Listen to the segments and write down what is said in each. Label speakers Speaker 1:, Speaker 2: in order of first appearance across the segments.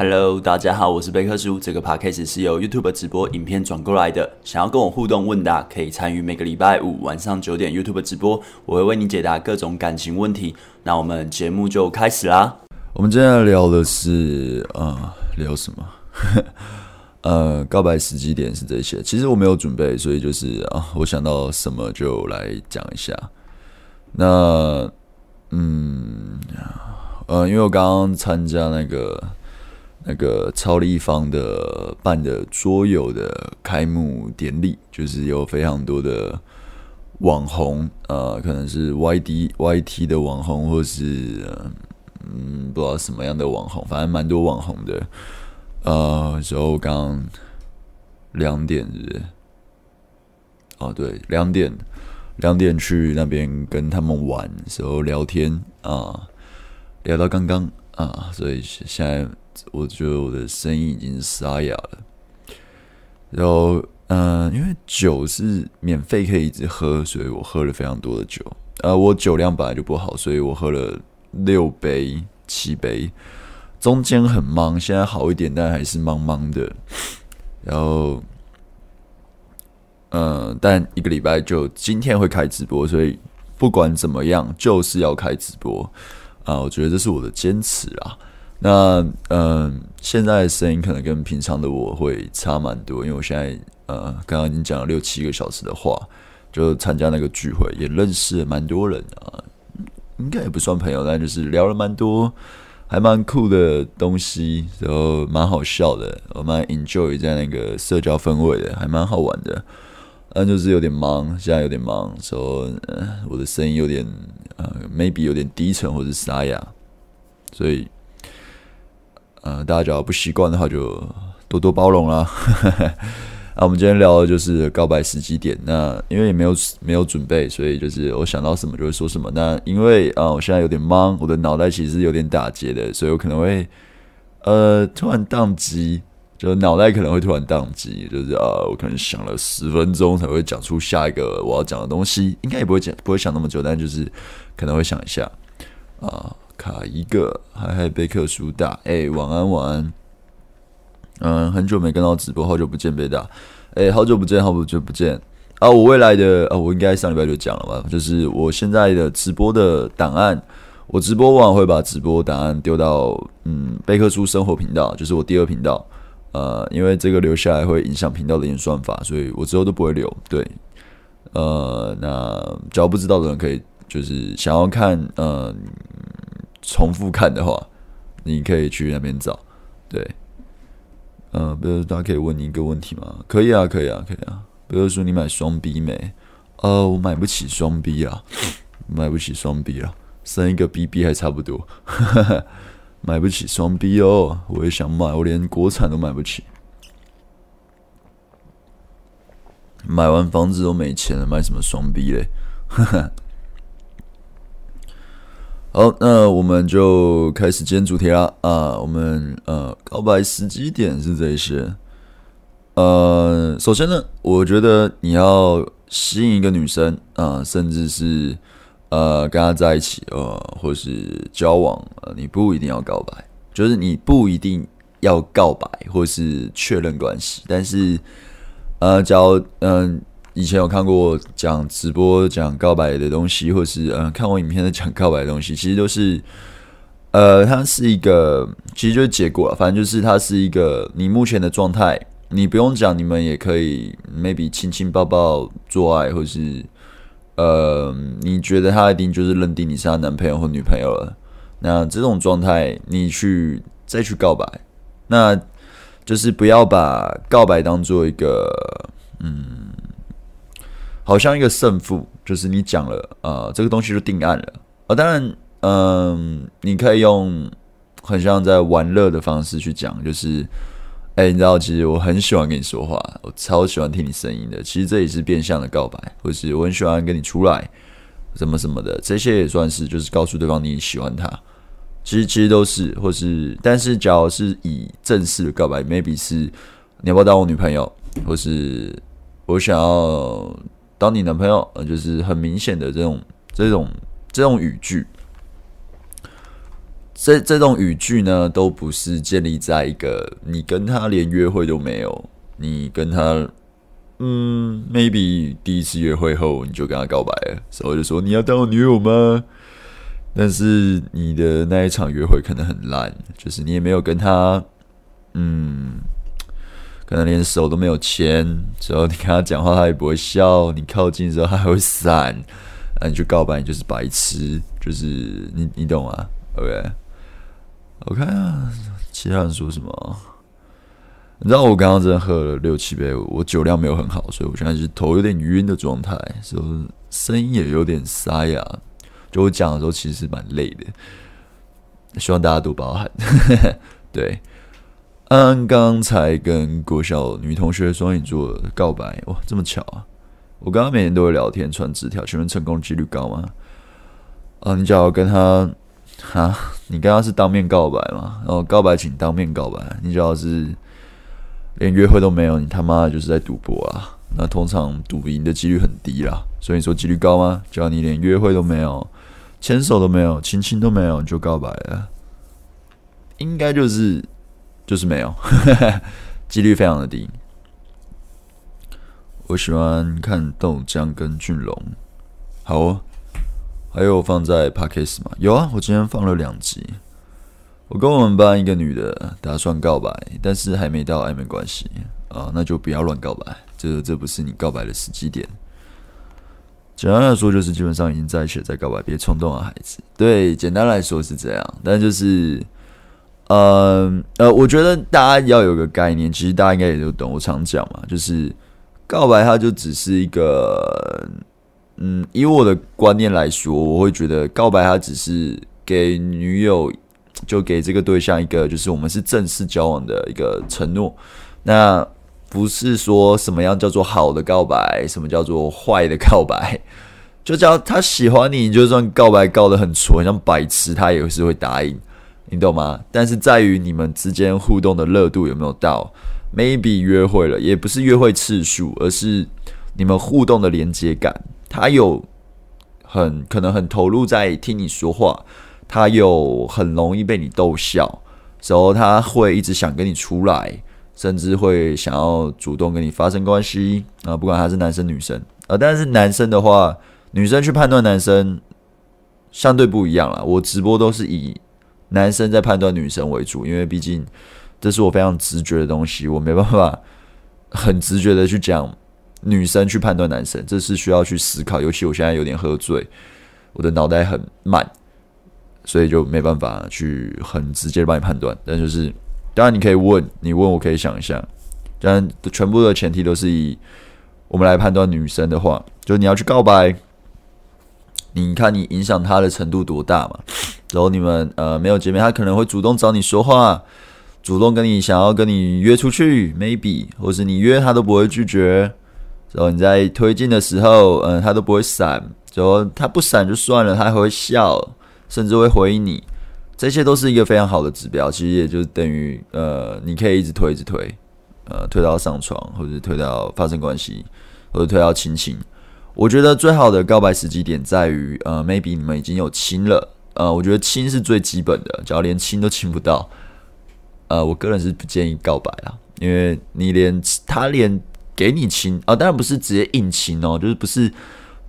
Speaker 1: Hello，大家好，我是貝克書。這個 podcast 是由 YouTube 直播影片轉過來的。想要跟我互動問答，可以參與每個禮拜五晚上九點 YouTube 直播，我會為你解答各種感情問題。那我們節目就開始啦。我們今天聊的是，呃，聊什麼？ 呃，告白時機點是這些。其實我沒有準備，所以就是啊、呃，我想到什麼就來講一下。那，嗯，呃，因為我剛剛參加那個。那個超立方的辦的桌遊的開幕典禮，就是有非常多的網紅，呃，可能是 YD、YT 的網紅，或是嗯，不知道什麼樣的網紅，反正蠻多網紅的。呃，時候剛兩點是不是？哦、啊，對，兩點兩點去那邊跟他們玩，時候聊天啊，聊到剛剛。啊，所以現在我覺得我的聲音已經沙啞了。然後，嗯、呃，因為酒是免費可以一直喝，所以我喝了非常多的酒。呃，我酒量本來就不好，所以我喝了六杯、七杯。中間很茫，現在好一點，但還是茫茫的。然後，嗯、呃，但一個禮拜就今天會開直播，所以不管怎麼樣，就是要開直播。啊，我覺得這是我的堅持啊。那嗯、呃，現在的聲音可能跟平常的我會差蠻多，因為我現在呃，剛剛已經講了六七個小時的話，就參加那個聚會，也認識了蠻多人啊，應該也不算朋友，但就是聊了蠻多，還蠻酷的東西，然後蠻好笑的，我蠻 enjoy 在那個社交氛圍的，還蠻好玩的。嗯，就是有點忙，現在有點忙，所以，呃，我的聲音有點，呃，maybe 有點低沉或者沙啞，所以，呃，大家只要不習慣的話，就多多包容啦。 啊。我們今天聊的就是告白時機點。那因為也沒有沒有準備，所以就是我想到什麼就會說什麼。那因為啊、呃，我現在有點忙，我的腦袋其實有點打結的，所以我可能會呃突然宕機。就腦袋可能會突然當機，就是啊，我可能想了十分鐘才會講出下一個我要講的東西，應該也不會講，不會想那麼久，但就是可能會想一下啊，卡一個，嗨嗨，貝克書大，誒、欸，晚安晚安，嗯，很久沒跟到直播，好久不見貝大。誒、欸，好久不見，好久不見啊，我未來的啊，我應該上禮拜就講了吧，就是我現在的直播的檔案，我直播完會把直播檔案丟到嗯，貝克書生活頻道，就是我第二頻道。呃，因為這個留下來會影響頻道的演算法，所以我之後都不會留。對，呃，那只要不知道的人可以，就是想要看，呃，重複看的話，你可以去那邊找。對，呃，比如大家可以問你一個問題嗎？可以啊，可以啊，可以啊。比如說你買雙 B 沒？呃，我買不起雙 B 啊， 買不起雙 B 啊，生一個 BB 還差不多。 買不起雙 B 哦，我也想買，我連國產都買不起。買完房子都沒錢了，買什麼雙 B 嘞？ 好，那我們就開始今天主題啦。啊，我們呃、啊，告白時機點是這些。呃、啊，首先呢，我覺得你要吸引一個女生，啊，甚至是。呃，跟他在一起，呃，或是交往，呃，你不一定要告白，就是你不一定要告白，或是確認關係。但是，呃，假如嗯、呃，以前有看過講直播講告白的東西，或是嗯、呃，看過影片的講告白的東西，其實都是，呃，它是一個，其實就是結果，反正就是它是一個你目前的狀態，你不用講，你們也可以 maybe 親親抱抱做愛，或是。呃，你覺得他一定就是認定你是他男朋友或女朋友了？那這種狀態，你去再去告白，那就是不要把告白當做一個，嗯，好像一個勝負，就是你講了啊、呃，這個東西就定案了啊、哦。當然，嗯、呃，你可以用很像在玩樂的方式去講，就是。哎、欸，你知道，其實我很喜歡跟你說話，我超喜歡聽你聲音的。其實這也是變相的告白，或是我很喜歡跟你出來，什麼什麼的，這些也算是，就是告訴對方你喜歡他。其實其實都是，或是，但是，假如是以正式的告白，maybe 是你要不要當我女朋友，或是我想要當你男朋友，就是很明顯的這種這種這種語句。這這種語句呢，都不是建立在一個你跟他連約會都沒有，你跟他，嗯，maybe 第一次約會後你就跟他告白了，所以我就說你要當我女友嗎？但是你的那一場約會可能很爛，就是你也沒有跟他，嗯，可能連手都沒有牽，只要你跟他講話他也不會笑，你靠近的時候他還會閃，那、啊、你去告白你就是白痴，就是你你懂啊，OK。我看啊，其他人說什麼？你知道我剛剛真的喝了六七杯，我酒量沒有很好，所以我現在是頭有點暈的狀態，所以聲音也有點沙啞。就我講的時候，其實蠻累的，希望大家多包涵。對，安安剛才跟國小女同學雙魚座告白，哇，這麼巧啊！我剛剛每天都會聊天傳紙條，請問成功幾率高嗎？啊，你只要跟他哈、啊。你剛剛是當面告白嗎？然後，哦，告白請當面告白。你主要是連約會都沒有，你他媽就是在賭博啊！那通常賭贏的幾率很低啦。所以你說幾率高嗎？只要你連約會都沒有，牽手都沒有，親親都沒有，你就告白了，應該就是就是沒有， 機率非常的低。我喜歡看豆漿跟俊龍。好哦。還有放在 Podcast 嗎？有啊，我今天放了兩集。我跟我們班一個女的打算告白，但是還沒到曖昧關係啊、呃，那就不要亂告白。這個、這個、不是你告白的時機點。簡單來說就是，基本上已經在一起，在告白，別衝動啊，孩子。對，簡單來說是這樣。但就是，嗯呃，呃，我覺得大家要有個概念，其實大家應該也都懂。我常講嘛，就是告白，它就只是一個。嗯，以我的觀念來說，我會覺得告白他只是給女友，就給這個對象一個就是我們是正式交往的一個承諾。那不是說什麼樣叫做好的告白，什麼叫做壞的告白，就叫他喜歡你，就算告白告得很矬，很像白痴，他也是會答應，你懂嗎？但是在於你們之間互動的熱度有沒有到，maybe 約會了，也不是約會次數，而是你們互動的連接感。他有很可能很投入在聽你說話，他有很容易被你逗笑，時候他會一直想跟你出來，甚至會想要主動跟你發生關係啊、呃。不管他是男生女生啊、呃，但是男生的話，女生去判斷男生相對不一樣了。我直播都是以男生在判斷女生為主，因為畢竟這是我非常直覺的東西，我沒辦法很直覺的去講。女生去判斷男生，這是需要去思考。尤其我現在有點喝醉，我的腦袋很慢，所以就沒辦法去很直接幫你判斷。但就是，當然你可以問，你問我可以想一下，但當然，全部的前提都是以我們來判斷女生的話，就是你要去告白，你看你影響她的程度多大嘛。然後你們呃沒有見面，她可能會主動找你說話，主動跟你想要跟你約出去，maybe，或是你約她都不會拒絕。然後，你在推進的時候，嗯，他都不會閃，就他不閃就算了，他還會笑，甚至會回應你，這些都是一個非常好的指標。其實也就是等於，呃，你可以一直推，一直推，呃，推到上床，或者推到發生關係，或者推到親親。我覺得最好的告白時機點在於，呃，maybe 你們已經有親了，呃，我覺得親是最基本的，只要連親都親不到，呃，我個人是不建議告白啊，因為你連他連。給你親哦，當然不是直接硬親哦，就是不是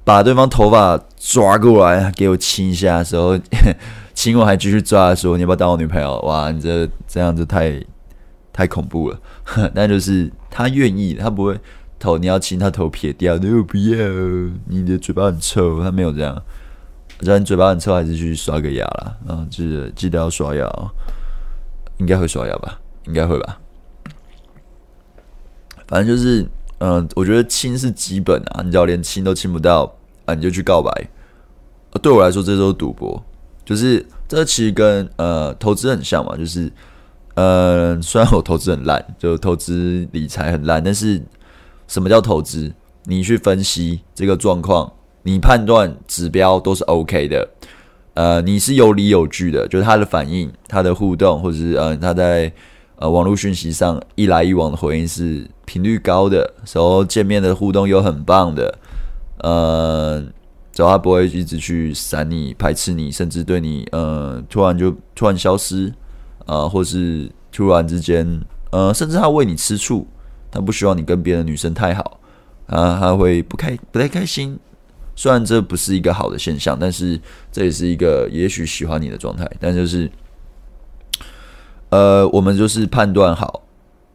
Speaker 1: 把對方頭髮抓過來給我親一下的時候，親完還繼續抓的時候，你要不要當我女朋友？哇，你這這樣子太太恐怖了。但就是他願意，他不會頭你要親他頭撇掉，有、no, 我不要你的嘴巴很臭，他沒有這樣。知道你嘴巴很臭，還是去刷個牙了，嗯，記得記得要刷牙哦，應該會刷牙吧，應該會吧，反正就是。嗯，我覺得親是基本啊，你只要連親都親不到啊，你就去告白。啊，對我來說，這都是賭博，就是這其實跟呃投資很像嘛，就是呃雖然我投資很爛，就投資理財很爛，但是什麼叫投資？你去分析這個狀況，你判斷指標都是 OK 的，呃，你是有理有據的，就是他的反應、他的互動，或者是嗯、呃、他在呃網絡訊息上一來一往的回應是。頻率高的時候，見面的互動又很棒的，呃，只要他不會一直去閃你、排斥你，甚至對你，呃，突然就突然消失，啊、呃，或是突然之間，呃，甚至他為你吃醋，他不希望你跟別的女生太好，啊、呃，他會不開不太開心。雖然這不是一個好的現象，但是這也是一個也許喜歡你的狀態，但就是，呃，我們就是判斷好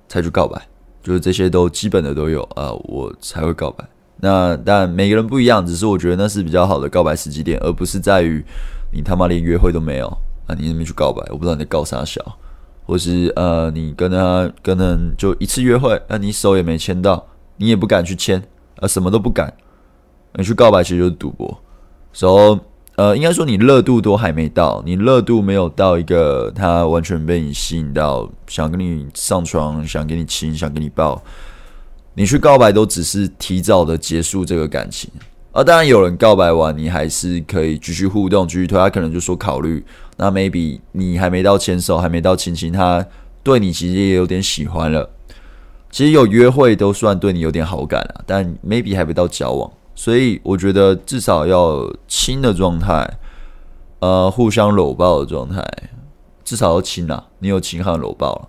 Speaker 1: 才去告白。就是這些都基本的都有啊、呃，我才會告白。那但每個人不一樣，只是我覺得那是比較好的告白時機點，而不是在於你他媽連約會都沒有啊，你那邊去告白，我不知道你在告啥小，或是呃你跟他跟他就一次約會，那、啊、你手也沒牽到，你也不敢去牽啊，什麼都不敢。你去告白其實就是賭博，說、so。呃，應該說你熱度都還沒到，你熱度沒有到一個他完全被你吸引到，想跟你上床，想跟你親，想跟你抱，你去告白都只是提早的結束這個感情啊。當然有人告白完，你還是可以繼續互動，繼續推，他可能就說考慮。那 maybe 你還沒到牽手，還沒到親親，他對你其實也有點喜歡了。其實有約會都算對你有點好感了啊，但 maybe 還沒到交往。所以我覺得至少要親的狀態，呃，互相摟抱的狀態，至少要親啦，你有親和摟抱了啊，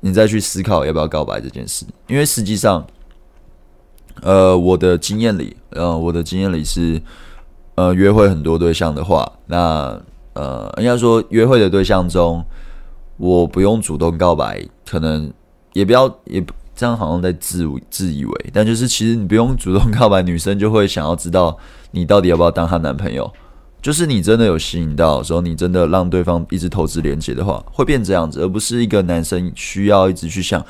Speaker 1: 你再去思考要不要告白這件事。因為實際上，呃，我的經驗裡，呃，我的經驗裡是，呃，約會很多對象的話，那呃，應該說約會的對象中，我不用主動告白，可能也不要也不。這樣好像在自自以為，但就是其實你不用主動告白，女生就會想要知道你到底要不要當她男朋友。就是你真的有吸引到的時候，你真的讓對方一直投資連接的話，會變這樣子，而不是一個男生需要一直去想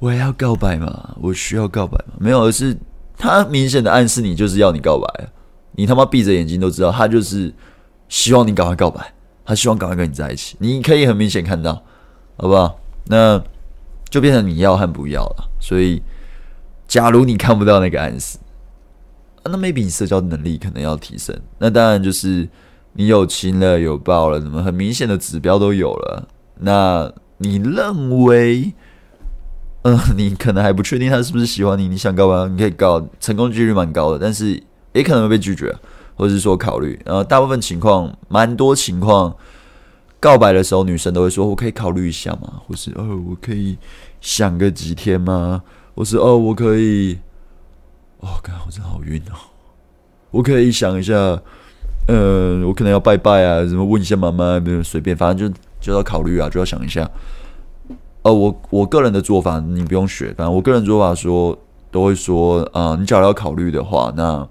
Speaker 1: 我也要告白嗎？我需要告白嗎？沒有，而是他明顯的暗示你就是要你告白，你他媽閉着眼睛都知道，他就是希望你趕快告白，他希望趕快跟你在一起，你可以很明顯看到，好不好？那。就變成你要和不要了，所以假如你看不到那個暗示，啊、那 maybe 你社交能力可能要提升。那當然就是你有親了，有抱了，什麼很明顯的指標都有了。那你認為，嗯、呃，你可能還不確定他是不是喜歡你，你想告白，你可以告，成功幾率蠻高的，但是也可能會被拒絕，或者是說考慮。然後大部分情況，蠻多情況，告白的時候，女生都會說：“我可以考慮一下嗎。”，或是“哦、呃，我可以。”想個幾天嗎？我說哦，我可以。哦，剛剛我真的好暈哦。我可以想一下，呃，我可能要拜拜啊，什麼問一下媽媽，沒有隨便，反正就就要考慮啊，就要想一下。哦、呃、我我個人的做法，你不用學。反正我個人做法說，都會說，啊、呃，你假如要考慮的話，那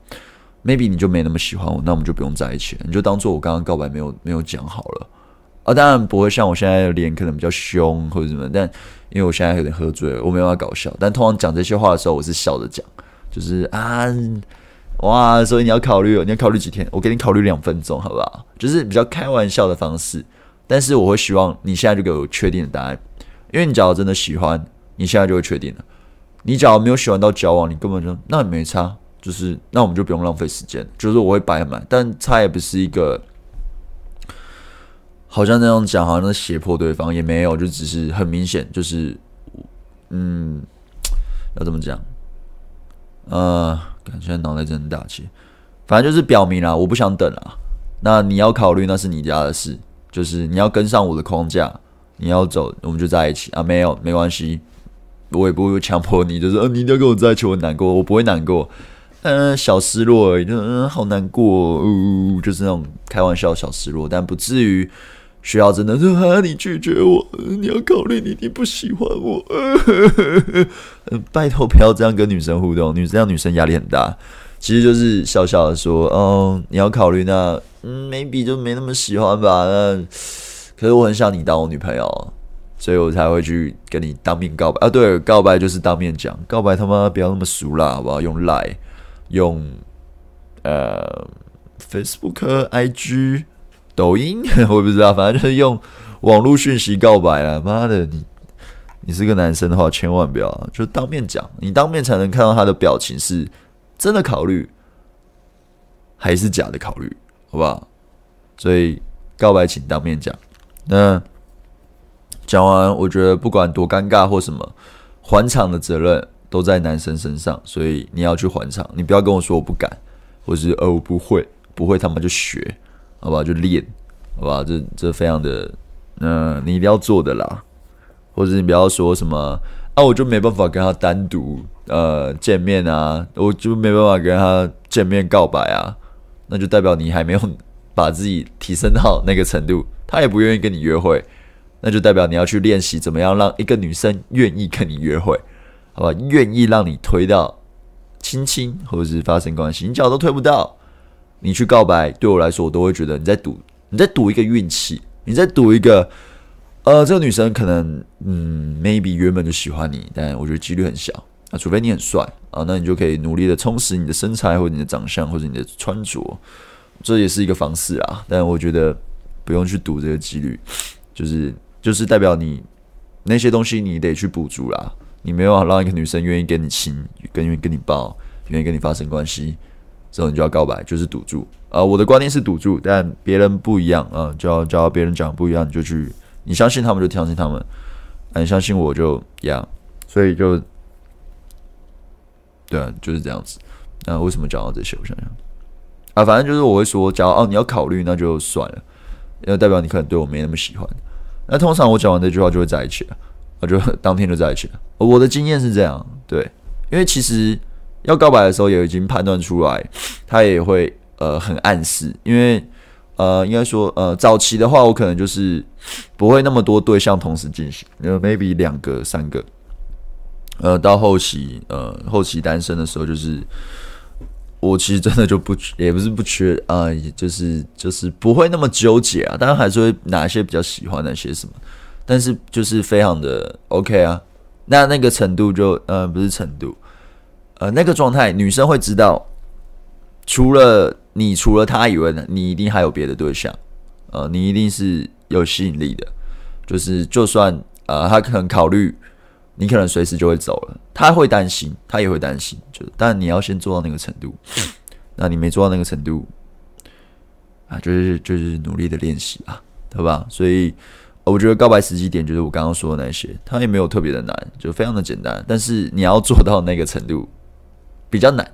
Speaker 1: maybe 你就沒那麼喜歡我，那我們就不用在一起了，你就當做我剛剛告白沒有沒有講好了。啊、哦，當然不會像我現在的臉可能比較凶或者什麼，但因為我現在有點喝醉了，我沒辦法搞笑。但通常講這些話的時候，我是笑着講，就是啊，哇，所以你要考慮，你要考慮幾天，我給你考慮兩分鐘好不好？就是比較開玩笑的方式。但是我會希望你現在就給我確定的答案，因為你假如真的喜歡，你現在就會確定了。你假如沒有喜歡到交往，你根本就那也沒差，就是那我們就不用浪費時間，就是我會擺滿，但差也不是一個。好像那樣講，好像脅迫對方也沒有，就只是很明顯，就是，嗯，要怎麼講？嗯、呃，感覺腦袋真的打結。反正就是表明了，我不想等了。那你要考慮，那是你家的事。就是你要跟上我的框架，你要走，我們就在一起啊。沒有，沒關係，我也不會強迫你。就是，嗯、呃，你一定要跟我在一起，我難過，我不會難過。嗯、呃，小失落而已，就、呃、嗯，好難過、哦，嗚、呃，就是那種開玩笑的小失落，但不至於。需要真的說啊！你拒絕我，你要考慮，你你不喜歡我。呵，呵，呵拜托不要這樣跟女生互動，女生讓女生壓力很大。其實就是笑笑的說，嗯、哦，你要考慮，那嗯，maybe 就沒那麼喜歡吧。那可是我很想你當我女朋友，所以我才會去跟你當面告白啊。對，告白就是當面講，告白他媽不要那麼俗啦，好不好？用賴、like,，用呃，Facebook、IG。抖音我也不知道，反正就是用網絡訊息告白啦。媽的，你你是個男生的話，千萬不要、啊、就當面講，你當面才能看到他的表情是真的考慮還是假的考慮，好不好？所以告白請當面講。那講完，我覺得不管多尷尬或什麼，還場的責任都在男生身上，所以你要去還場，你不要跟我說我不敢，或是哦、呃、我不會，不會他媽就學。好吧，就練，好吧，這這非常的，嗯、呃，你一定要做的啦。或者你不要說什麼，啊，我就沒辦法跟他單獨，呃，見面啊，我就沒辦法跟他見面告白啊，那就代表你還沒有把自己提升到那個程度，他也不願意跟你約會，那就代表你要去練習怎麼樣讓一個女生願意跟你約會，好吧，願意讓你推到親親或者是發生關係，你腳都推不到。你去告白對我來說，我都會覺得你在賭，你在賭一個運氣，你在賭一個，呃，這個女生可能，嗯，maybe 原本就喜歡你，但我覺得幾率很小啊，除非你很帥啊，那你就可以努力的充實你的身材，或者你的長相，或者你的穿着，這也是一個方式啊。但我覺得不用去賭這個幾率，就是就是代表你那些東西你得去補足啦，你沒有辦法讓一個女生願意跟你親，跟願意跟你抱，願意跟你發生關係。之後你就要告白，就是賭注啊！我的觀念是賭注，但別人不一樣啊！就要，只要別人講不一樣，你就去，你相信他們就相信他們，啊、你相信我就樣、yeah。所以就對啊，就是這樣子。那、啊、為什麼講到這些？我想想啊，反正就是我會說，假如哦、啊、你要考慮，那就算了，因為代表你可能對我沒那麼喜歡。那通常我講完這句話就會在一起了，我、啊、就當天就在一起了。啊、我的經驗是這樣，對，因為其實。要告白的時候也已經判斷出來，他也會呃很暗示，因為呃應該說呃早期的話我可能就是不會那麼多對象同時進行，呃 maybe 兩個三個，呃到後期呃後期單身的時候就是我其實真的就不也不是不缺啊，呃，就是就是不會那麼糾結啊，當然還是會哪些比較喜歡那些什麼，但是就是非常的 OK 啊，那那個程度就呃不是程度。呃，那個狀態，女生會知道，除了你除了他以外呢，你一定還有別的對象，呃，你一定是有吸引力的，就是就算呃，他可能考慮你可能隨時就會走了，他會擔心，他也會擔心，就但你要先做到那個程度， 那你沒做到那個程度，啊、呃，就是就是努力的練習吧、啊，對吧？所以、呃、我覺得告白時機點就是我剛剛說的那些，它也沒有特別的難，就非常的簡單，但是你要做到那個程度。比較難，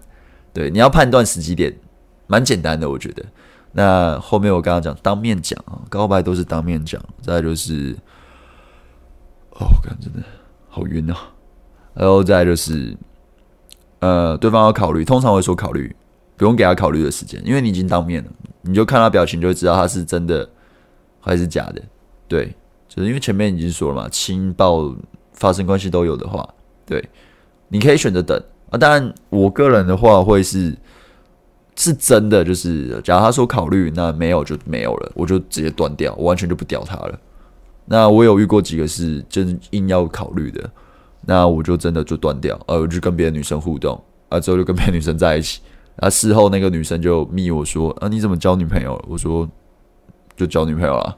Speaker 1: 對，你要判斷時機點，蠻簡單的，我覺得。那後面我跟他講，當面講啊，告白都是當面講。再就是，哦，我感覺真的好暈啊。然後再就是，呃，對方要考慮，通常會說考慮，不用給他考慮的時間，因為你已經當面了，你就看他表情就知道他是真的還是假的。對，就是因為前面已經說了嘛，親抱發生關係都有的話，對，你可以選擇等。啊，但我個人的話，會是是真的，就是假如他說考慮，那沒有就沒有了，我就直接斷掉，我完全就不屌他了。那我有遇過幾個是真硬要考慮的，那我就真的就斷掉，呃、啊，我就跟別的女生互動，啊之後就跟別的女生在一起，啊事後那個女生就密我說，啊你怎麼交女朋友了？我說就交女朋友啊，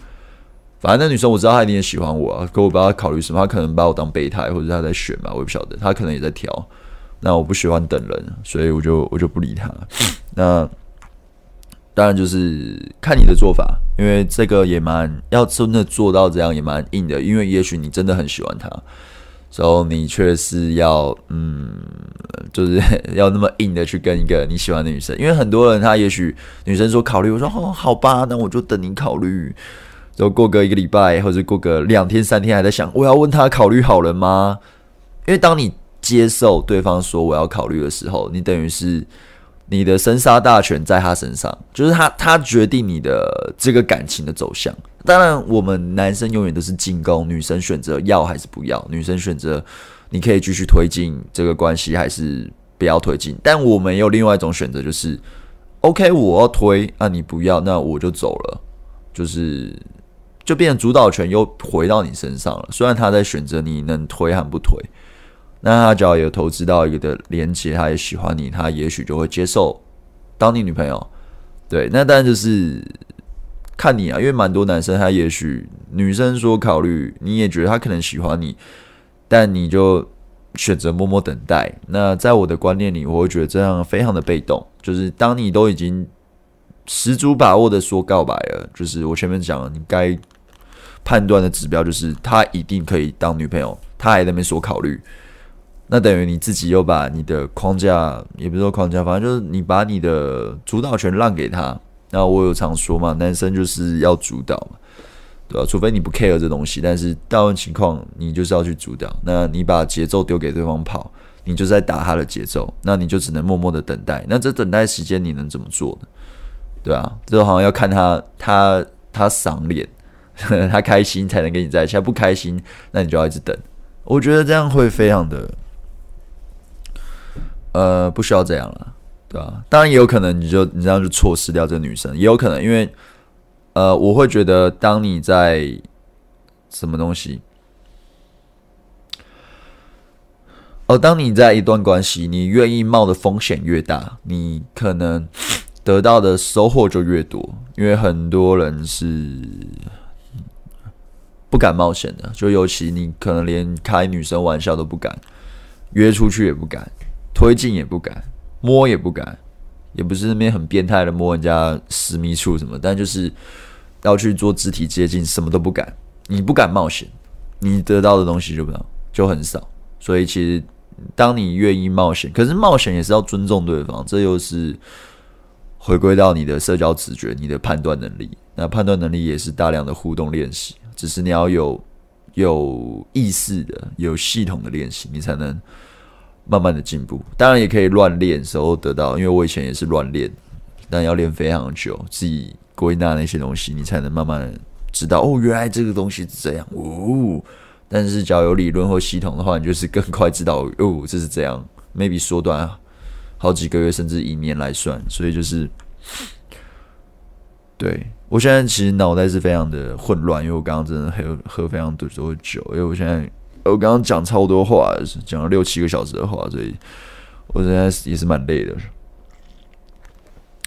Speaker 1: 反正那女生我知道她一定也喜歡我啊，可我不知道她考慮什麼，她可能把我當備胎，或者她在選嘛，我也不曉得，她可能也在挑。那我不喜歡等人，所以我就我就不理他。 那當然就是看你的做法，因為這個也蠻要真的做到這樣也蠻硬的，因為也許你真的很喜歡他，然後你卻是要嗯，就是要那麼硬的去跟一個你喜歡的女生，因為很多人他也許女生說考慮，我說哦好吧，那我就等你考慮，就過個一個禮拜，或者過個兩天三天還在想，我要問他考慮好了嗎？因為當你。接受對方說我要考慮的時候，你等於是你的生殺大權在他身上，就是他他決定你的這個感情的走向。當然，我們男生永遠都是進攻，女生選擇要還是不要，女生選擇你可以繼續推進這個關係，還是不要推進。但我們有另外一種選擇，就是 OK，我要推，那、啊、你不要，那我就走了，就是就變成主導權又回到你身上了。雖然他在選擇你能推還不推。那他只要有投資到一個的連接，他也喜歡你，他也許就會接受當你女朋友。對，那當然就是看你啊，因為蠻多男生他也許女生說考慮，你也覺得他可能喜歡你，但你就選擇默默等待。那在我的觀念裡，我會覺得這樣非常的被動。就是當你都已經十足把握的說告白了，就是我前面講了，你該判斷的指標，就是他一定可以當女朋友，他還在那邊說考慮。那等於你自己又把你的框架，也不是說框架，反正就是你把你的主導權讓給他。那我有常說嘛，男生就是要主導嘛，對吧、啊？除非你不 care 這東西，但是大部分情況你就是要去主導。那你把節奏丟給對方跑，你就是在打他的節奏，那你就只能默默的等待。那這等待時間你能怎麼做呢？對吧、啊？這好像要看他他他賞臉呵呵，他開心才能跟你在一起，他不開心，那你就要一直等。我覺得這樣會非常的。呃，不需要這樣了，對吧？當然也有可能，你就你這樣就錯失掉這個女生。也有可能，因為呃，我會覺得，當你在什麼東西，哦，當你在一段關係，你願意冒的風險越大，你可能得到的收穫就越多。因為很多人是不敢冒險的，就尤其你可能連開女生玩笑都不敢，約出去也不敢。推進也不敢，摸也不敢，也不是那邊很變態的摸人家私密處什麼，但就是要去做肢體接近，什麼都不敢。你不敢冒險，你得到的東西就就很少。所以其實，當你願意冒險，可是冒險也是要尊重對方，這又是回歸到你的社交直覺、你的判斷能力。那判斷能力也是大量的互動練習，只是你要有有意識的、有系統的練習，你才能。慢慢的進步，當然也可以亂練時候得到，因為我以前也是亂練，但要練非常久，自己歸納那些東西，你才能慢慢的知道哦，原來這個東西是這樣哦。但是只要有理論或系統的話，你就是更快知道哦，這是這樣，maybe 縮短好，好幾個月甚至一年來算，所以就是對我現在其實腦袋是非常的混亂，因為我剛剛真的喝喝非常多多酒，因為我現在。我剛剛講超多話，講了六七個小時的話，所以我現在也是蠻累的。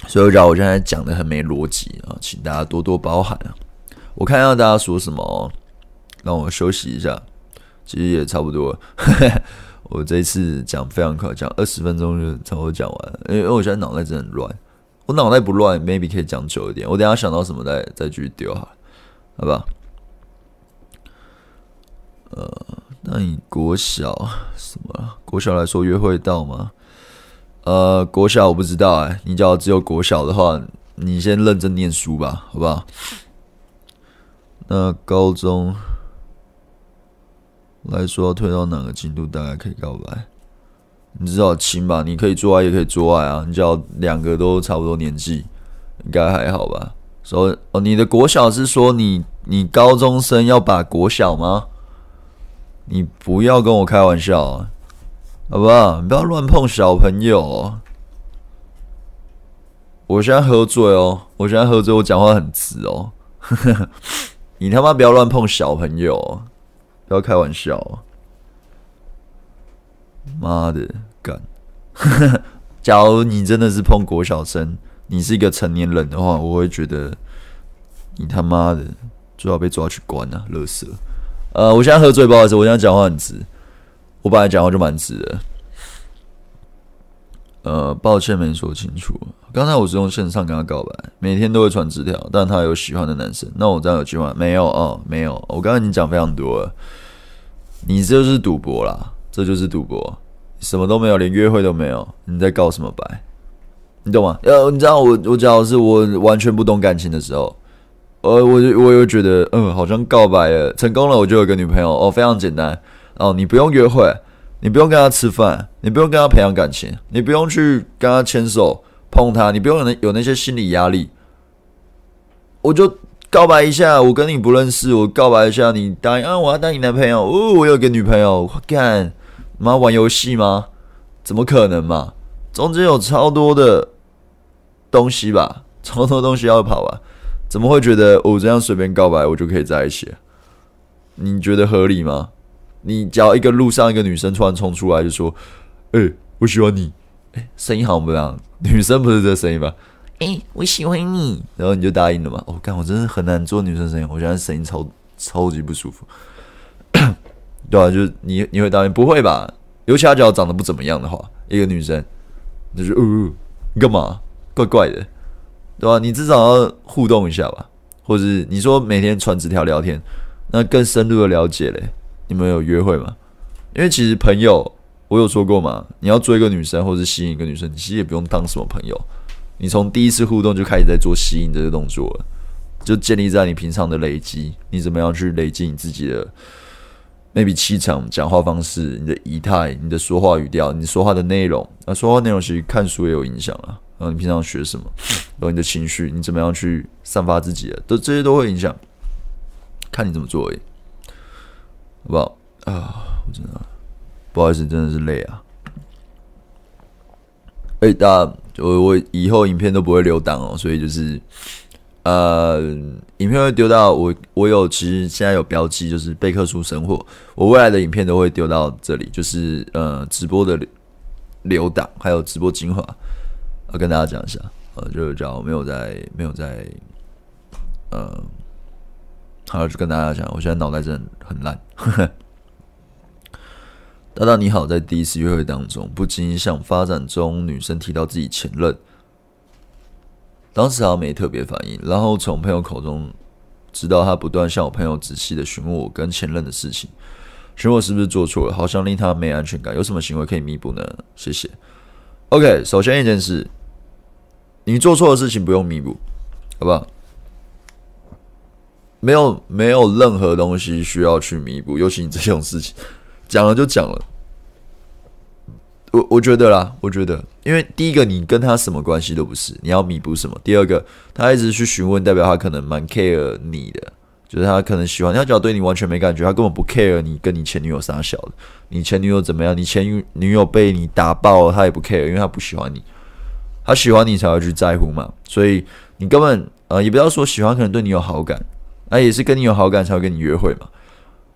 Speaker 1: 所以我知道我現在講的很沒邏輯啊，請大家多多包涵。我看一下大家說什麼哦，讓我休息一下。其實也差不多。 我這一次講非常快，講二十分鐘就差不多講完了，因為我現在腦袋真的很亂。我腦袋不亂，maybe 可以講久一點。我等一下想到什麼再再繼續丟哈，好吧？呃。那你國小什麼、啊、國小來說約會到嗎？呃，國小我不知道哎、欸。你只要只有國小的話，你先認真念書吧，好不好？那高中來說要推到哪個進度大概可以告白？你知道親吧？你可以做愛也可以做愛啊。你只要兩個都差不多年紀，應該還好吧？所以哦，你的國小是說你你高中生要把國小嗎？你不要跟我開玩笑、啊，好不好？你不要亂碰小朋友、哦。我現在喝醉哦，我現在喝醉，我講話很直哦。 你他媽不要亂碰小朋友、哦，不要開玩笑、哦。媽的，幹！ 假如你真的是碰國小生，你是一個成年人的話，我會覺得你他媽的就要被抓去關了、啊，垃圾。呃，我現在喝醉，不好意思，我現在講話很直。我本來講話就蠻直的。呃，抱歉沒說清楚。剛才我是用線上跟他告白，每天都會傳紙條，但他有喜歡的男生。那我這樣有機會沒有啊、哦？沒有。我剛剛已經講非常多了。你這就是賭博啦，這就是賭博，什麼都沒有，連約會都沒有，你在告什麼白？你懂嗎？呃，你知道我我講的是我完全不懂感情的時候。呃，我我又覺得，嗯，好像告白了，成功了，我就有個女朋友哦。非常簡單哦，你不用約會，你不用跟她吃飯，你不用跟她培養感情，你不用去跟她牽手碰她，你不用有那有那些心理壓力，我就告白一下，我跟你不認識，我告白一下，你答應啊，我要當你男朋友哦，我有個女朋友，幹嘛，玩遊戲嗎？怎麼可能嘛？中間有超多的東西吧，超多東西要跑啊。怎麼會覺得我、哦、這樣隨便告白我就可以在一起？你覺得合理嗎？你只要一個路上一個女生突然衝出來就說：“哎、欸，我喜歡你。欸”哎，聲音好像不一樣，女生不是這個聲音吧？哎、欸，我喜歡你，然後你就答應了嗎？哦，幹，我真的很難做女生聲音，我覺得聲音超超級不舒服。 對啊，就是你你會答應？不會吧？尤其他只要長得不怎麼樣的話，一個女生就嗯哦、呃，幹嘛？怪怪的。”對吧、啊？你至少要互動一下吧，或者你說每天傳紙條聊天，那更深入的了解嘞。你們有約會嗎？因為其實朋友，我有說過嘛，你要追一個女生或者吸引一個女生，你其實也不用當什麼朋友，你從第一次互動就開始在做吸引這個動作了，就建立在你平常的累積。你怎麼樣去累積你自己的，maybe 氣場、講話方式、你的儀態、你的說話語調、你說話的內容啊，說話內容其實看書也有影響啊。嗯，你平常學什麼？然後你的情緒，你怎麼樣去散發自己的？都這些都會影響，看你怎麼作為，好不好？啊，我真的，不好意思，真的是累啊。哎，大家，我我以後影片都不會留檔哦，所以就是，呃，影片會丟到我我有其實現在有標記，就是貝克書生活，我未來的影片都會丟到這裡，就是呃，直播的留、留檔還有直播精華。跟大家講一下，呃，就是講我沒有在，沒有在，呃，好，就跟大家講，我現在腦袋真的很爛呵呵。大大你好，在第一次約會當中，不經意向發展中女生提到自己前任，當時她沒特別反應，然後從朋友口中知道她不斷向我朋友仔細的詢問我跟前任的事情，詢問我是不是做錯了，好像令她沒安全感，有什麼行為可以彌補呢？謝謝。OK，首先一件事。你做錯的事情不用彌補，好不好？沒有沒有任何東西需要去彌補，尤其你這種事情，講了就講了。我我覺得啦，我覺得，因為第一個你跟他什麼關係都不是，你要彌補什麼？第二個，他一直去詢問，代表他可能蠻 care 你的，就是他可能喜歡。他只要對你完全沒感覺，他根本不 care 你跟你前女友啥小的，你前女友怎麼樣？你前女女友被你打爆了，他也不 care，因為他不喜歡你。他、啊、喜歡你才會去在乎嘛，所以你根本呃也不要說喜歡，可能對你有好感，那、啊、也是跟你有好感才會跟你約會嘛。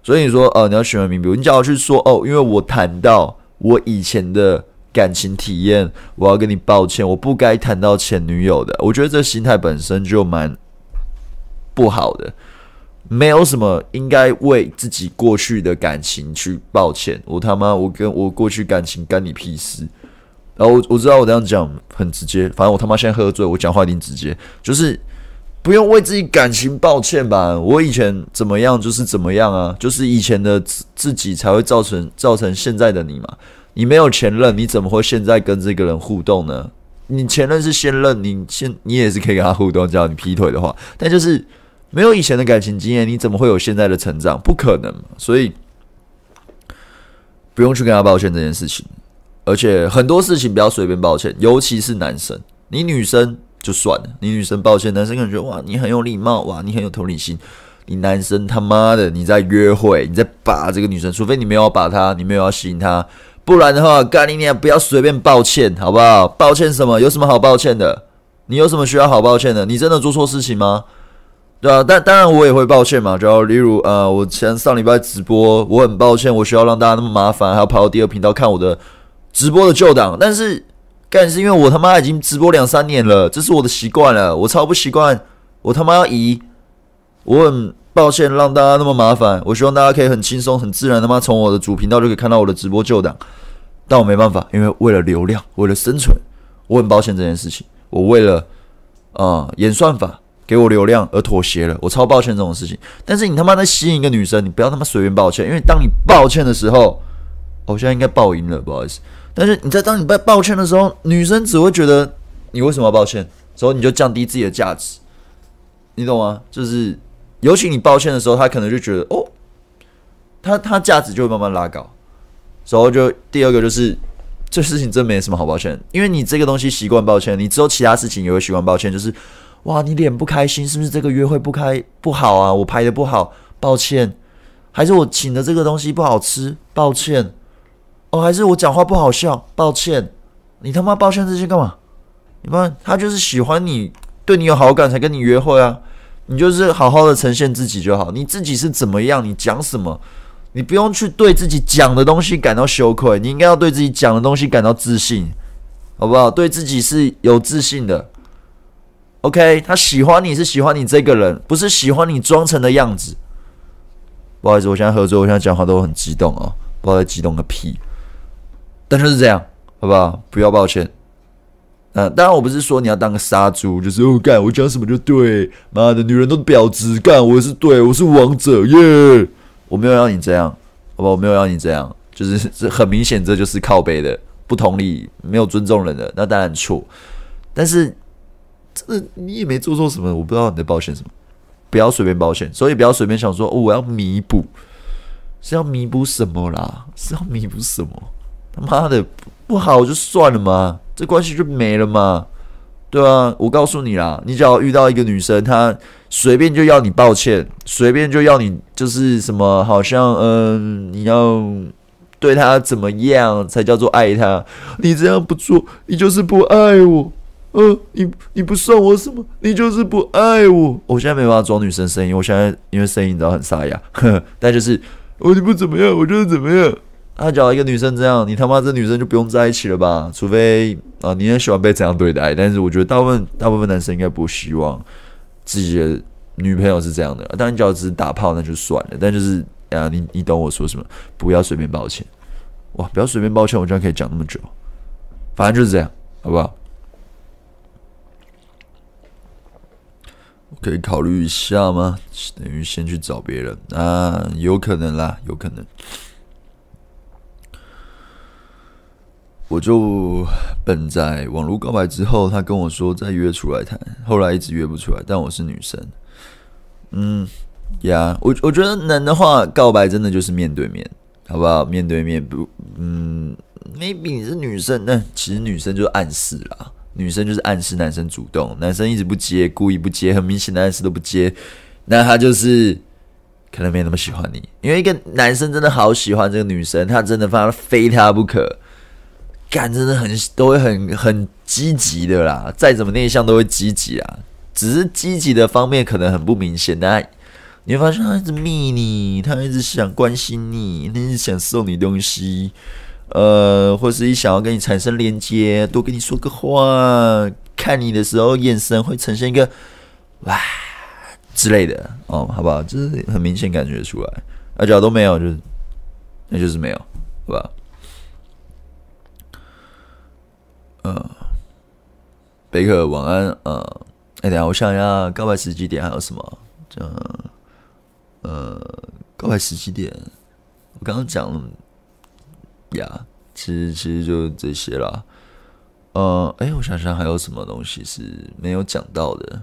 Speaker 1: 所以你說呃你要學明白，你只要去說哦，因為我談到我以前的感情體驗，我要跟你抱歉，我不該談到前女友的。我覺得這心態本身就蠻不好的，沒有什麼應該為自己過去的感情去抱歉。我他媽我跟我過去感情干你屁事。然後我我知道，我這樣講很直接。反正我他媽現在喝醉，我講話一定直接。就是不用為自己感情抱歉吧？我以前怎麼樣就是怎麼樣啊，就是以前的自己才會造成造成現在的你嘛。你沒有前任，你怎麼會現在跟這個人互動呢？你前任是現任，你現你也是可以跟他互動，只要你劈腿的話。但就是沒有以前的感情經驗，你怎麼會有現在的成長？不可能，所以不用去跟他抱歉這件事情。而且很多事情不要隨便抱歉，尤其是男生。你女生就算了，你女生抱歉，男生感覺哇，你很有禮貌，哇，你很有同理心。你男生他媽的，你在約會，你在把這個女生，除非你沒有把她，你沒有要吸引她，不然的話，咖喱你，你不要隨便抱歉，好不好？抱歉什麼？有什麼好抱歉的？你有什麼需要好抱歉的？你真的做錯事情嗎？對啊，但當然我也會抱歉嘛，就要例如呃，我前上禮拜直播，我很抱歉，我需要讓大家那麼麻煩，還要跑到第二頻道看我的。直播的舊檔，但是，但是因為我他媽已經直播兩三年了，這是我的習慣了，我超不習慣，我他媽要移，我很抱歉讓大家那麼麻煩，我希望大家可以很輕鬆、很自然他媽從我的主頻道就可以看到我的直播舊檔，但我沒辦法，因為為了流量、為了生存，我很抱歉這件事情，我為了啊、嗯、演算法給我流量而妥協了，我超抱歉這種事情，但是你他媽在吸引一個女生，你不要他媽隨便抱歉，因為當你抱歉的時候，我現在應該爆音了，不好意思。但是你在當你在抱歉的時候，女生只會覺得你為什麼要抱歉，所以你就降低自己的價值，你懂嗎？就是尤其你抱歉的時候，她可能就覺得哦，她她價值就會慢慢拉高。然後就第二個就是，這個事情真沒什麼好抱歉，因為你這個東西習慣抱歉，你之後其他事情也會習慣抱歉，就是哇你臉不開心是不是？這個約會不開不好啊，我拍的不好，抱歉，還是我請的這個東西不好吃，抱歉。哦，還是我講話不好笑，抱歉。你他媽抱歉這些幹嘛？你媽他就是喜歡你，對你有好感才跟你約會啊。你就是好好的呈現自己就好。你自己是怎麼樣，你講什麼，你不用去對自己講的東西感到羞愧。你應該要對自己講的東西感到自信，好不好？對自己是有自信的。OK，他喜歡你是喜歡你這個人，不是喜歡你裝成的樣子。不好意思，我現在喝醉，我現在講話都很激動啊、哦，不知道在激動個屁。但就是這樣，好不好？不要抱歉。嗯、呃，當然我不是說你要當個殺豬，就是哦，幹我講什麼就對。媽的，女人都婊子乾，我也是對，我是王者耶。Yeah! 我沒有要你這樣，好不好？我沒有要你這樣，就是這很明顯，這就是靠北的，不同理，沒有尊重人的，那當然錯。但是這個你也沒做錯什麼，我不知道你在抱歉什麼，不要隨便抱歉，所以不要隨便想說、哦、我要彌補，是要彌補什麼啦？是要彌補什麼？他媽的不，不好就算了嘛，這關係就沒了嘛，對啊，我告訴你啦，你只要遇到一個女生，她隨便就要你抱歉，隨便就要你就是什麼，好像嗯、呃，你要對她怎麼樣才叫做愛她？你這樣不做，你就是不愛我。嗯、啊，你你不算我什麼，你就是不愛我。我現在沒辦法裝女生聲音，我現在因為聲音你知道很沙啞，呵呵，但就是我你不怎麼樣，我就是怎麼樣。他、啊、找一個女生這樣，你他媽這女生就不用在一起了吧？除非啊，你也喜歡被這樣對待，但是我覺得大部分大部分男生應該不希望自己的女朋友是這樣的。啊、當你只要只是打炮那就算了，但就是啊，你你懂我說什麼？不要隨便抱歉，哇，不要隨便抱歉，我這樣可以講那麼久，反正就是這樣，好不好？可以考慮一下嗎？等於先去找別人啊，有可能啦，有可能。我就笨在網絡告白之後，他跟我說再約出來談，後來一直約不出來。但我是女生，嗯呀，我我覺得能的話告白真的就是面對面，好不好？面對面不，嗯，maybe 是女生，那其實女生就暗示啦，女生就是暗示男生主動，男生一直不接，故意不接，很明顯的暗示都不接，那他就是可能沒那麼喜歡你，因為一個男生真的好喜歡這個女生，他真的放他非他不可。感真的很都會很很積極的啦，再怎麼內向都會積極啊，只是積極的方面可能很不明顯，但你會發現他一直密你，他一直想關心你，他一直想送你東西，呃，或是一想要跟你產生連接，多跟你說個話，看你的時候眼神會呈現一個哇之類的哦，好不好？就是很明顯感覺出來，而假如都沒有，就是那就是沒有，好吧？呃，貝克晚安。呃，哎，等下，我想一下，告白時機點還有什麼？嗯，呃，告白時機點，我剛剛講了呀，其實其實就是這些啦。呃，哎，我想想，還有什麼東西是沒有講到的？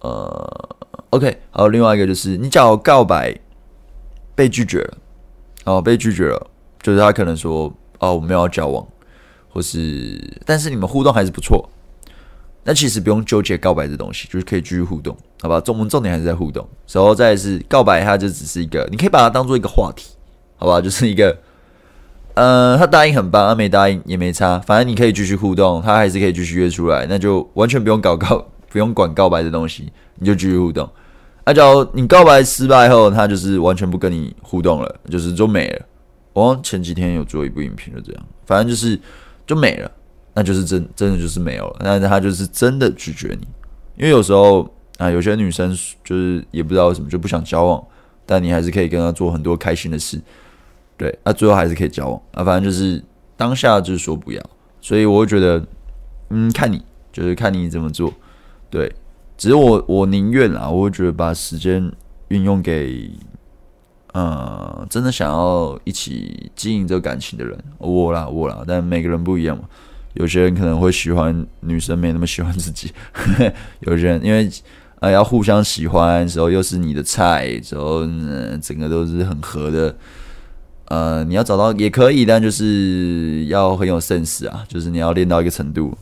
Speaker 1: 呃，OK，還有另外一個就是，你叫我告白被拒絕了，哦，被拒絕了，就是他可能說，哦，我們要交往。或是，但是你們互動還是不錯。那其實不用糾結告白這東西，就是可以繼續互動，好吧？重重點還是在互動。然後再來是告白，它就只是一個，你可以把它當做一個話題，好吧？就是一個，呃，他答應很棒，他、啊、沒答應也沒差，反正你可以繼續互動，他還是可以繼續約出來，那就完全不用搞告，不用管告白的東西，你就繼續互動。那、啊、假如你告白失敗後，他就是完全不跟你互動了，就是就沒了。我、哦、前幾天有做一部影片，就這樣，反正就是。就沒了，那就是真真的就是沒有了。那他就是真的拒絕你，因為有時候啊，有些女生就是也不知道為什麼就不想交往，但你還是可以跟她做很多開心的事。對，那，啊，最後還是可以交往。啊，反正就是當下就是說不要。所以我會覺得，嗯，看你就是看你怎麼做。對，只是我我寧願啊，我會覺得把時間運用給。呃、嗯，真的想要一起經營這個感情的人，oh, 我啦，我啦，但每個人不一樣，有些人可能會喜歡女生沒那麼喜歡自己， 有些人因為啊、呃，要互相喜歡，時候又是你的菜，之後、呃、整個都是很合的。呃，你要找到也可以，但就是要很有 sense 啊，就是你要練到一個程度。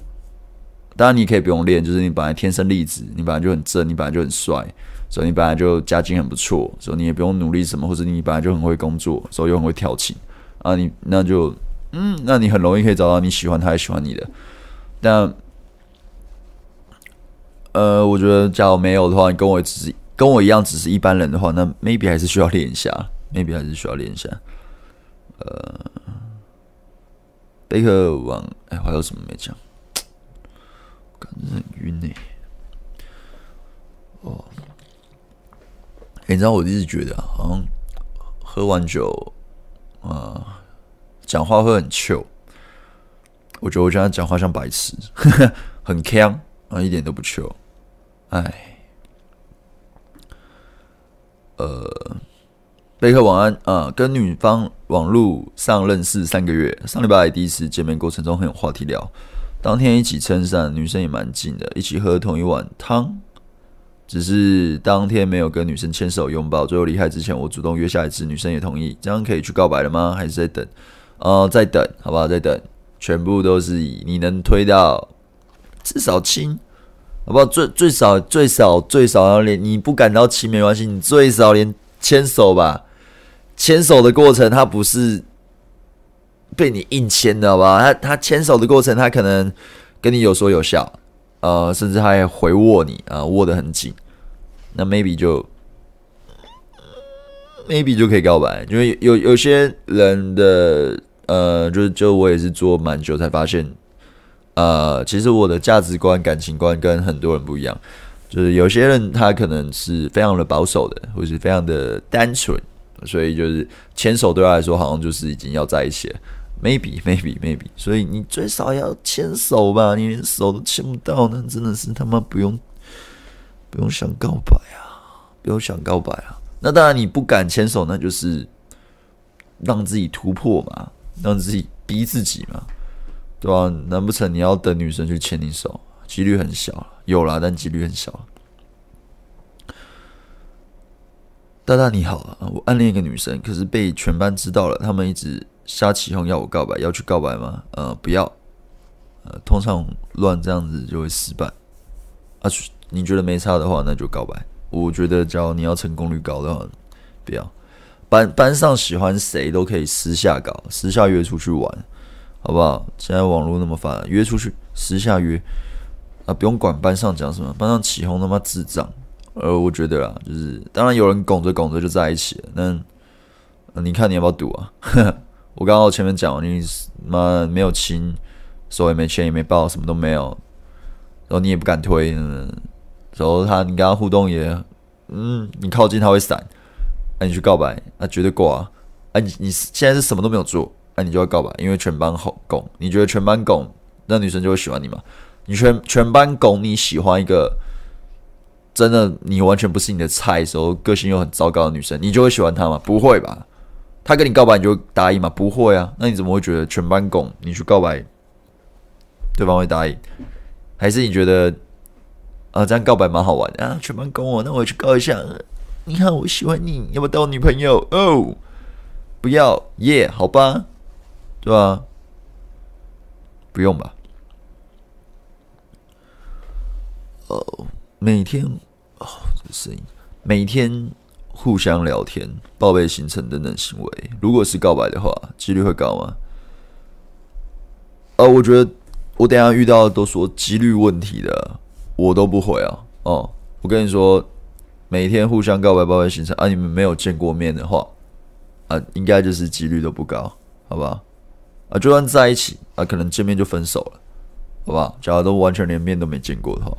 Speaker 1: 當然你可以不用練，就是你本來天生麗質，你本來就很正，你本來就很帥。所以你本來就家境很不錯，所以你也不用努力什麼，或者你本來就很會工作，所以又很會調情。啊你，你那就嗯，那你很容易可以找到你喜歡他，也喜歡你的。但，呃，我覺得假如沒有的話，你跟我只是跟我一樣只是一般人的話，那 maybe 還是需要練一下，maybe 還是需要練一下。呃，貝克書，哎，我還有什麼沒講？感覺很暈呢、欸。哦。欸、你知道我一直覺得，好像喝完酒，啊、呃，講話會很糗。我覺得我現在講話像白痴，很鏘啊，一點都不糗。哎，呃，貝克晚安啊、呃，跟女方網路上認識三個月，上禮拜第一次見面，過程中很有話題聊，當天一起撐傘，女生也蠻近的，一起喝同一碗湯。只是當天沒有跟女生牽手擁抱，最後離開之前，我主動約下一次，女生也同意，這樣可以去告白了嗎？還是在等？呃，在等，好不好？在等，全部都是以你能推到至少親，好不好？最最少最少最少，最少最少要連你不感到親沒關係，你最少連牽手吧。牽手的過程他不是被你硬牽的好不好？他他牽手的過程，他可能跟你有說有笑。呃，甚至還回握你啊，呃，握得很緊。那 maybe 就 maybe 就可以告白，因為有有，有些人的呃，就是就我也是做蠻久才發現，呃，其實我的價值觀、感情觀跟很多人不一樣。就是有些人他可能是非常的保守的，或是非常的單純，所以就是牽手對他來說好像就是已經要在一起了。Maybe maybe maybe，所以你最少要牽手吧？你連手都牽不到，那真的是他媽不用不用想告白啊，不用想告白啊！那當然，你不敢牽手，那就是讓自己突破嘛，讓自己逼自己嘛，對吧、啊？難不成你要等女生去牽你手？幾率很小，有啦，但幾率很小。大大你好啊，我暗戀一個女生，可是被全班知道了，他們一直。瞎起鬨要我告白？要去告白嗎？呃，不要。呃，通常亂這樣子就會失敗。啊，你覺得沒差的話，那就告白。我覺得，只要你要成功率高的話，不要。班班上喜歡誰都可以私下搞，私下約出去玩，好不好？現在網絡那麼發達，約出去，私下約，啊，不用管班上講什麼。班上起鬨他媽智障。呃，我覺得啦，就是當然有人拱着拱着就在一起了。那，呃，你看你要不要賭啊？呵呵我剛剛前面講，你媽沒有親，手也沒牽，也沒抱，什麼都沒有，然後你也不敢推，嗯、然後他你跟他互動也，嗯，你靠近他會閃，那、哎、你去告白，那、啊、絕對掛、啊，哎，你你現在是什麼都沒有做，那、哎、你就要告白，因為全班哄拱，你覺得全班拱，那女生就會喜歡你嗎？你全全班拱你喜歡一個真的你完全不是你的菜，然後個性又很糟糕的女生，你就會喜歡她嗎？不會吧。他跟你告白，你就答應嗎？不會啊。那你怎麼會覺得全班拱你去告白，對方會答應？還是你覺得啊，這樣告白蠻好玩啊？全班拱我，哦，那我去告一下。你好，我喜歡你，要不要當我女朋友？哦，不要耶，yeah，好吧，對吧？不用吧。哦，每天哦，這聲音每天。互相聊天、報備行程等等行為，如果是告白的話，幾率會高嗎？啊，我覺得我等一下遇到都說幾率問題的，我都不會啊。哦，我跟你說，每天互相告白、報備行程啊，你們沒有見過面的話，啊，應該就是幾率都不高，好吧，啊，就算在一起啊，可能見面就分手了，好吧，假如都完全連面都沒見過的話，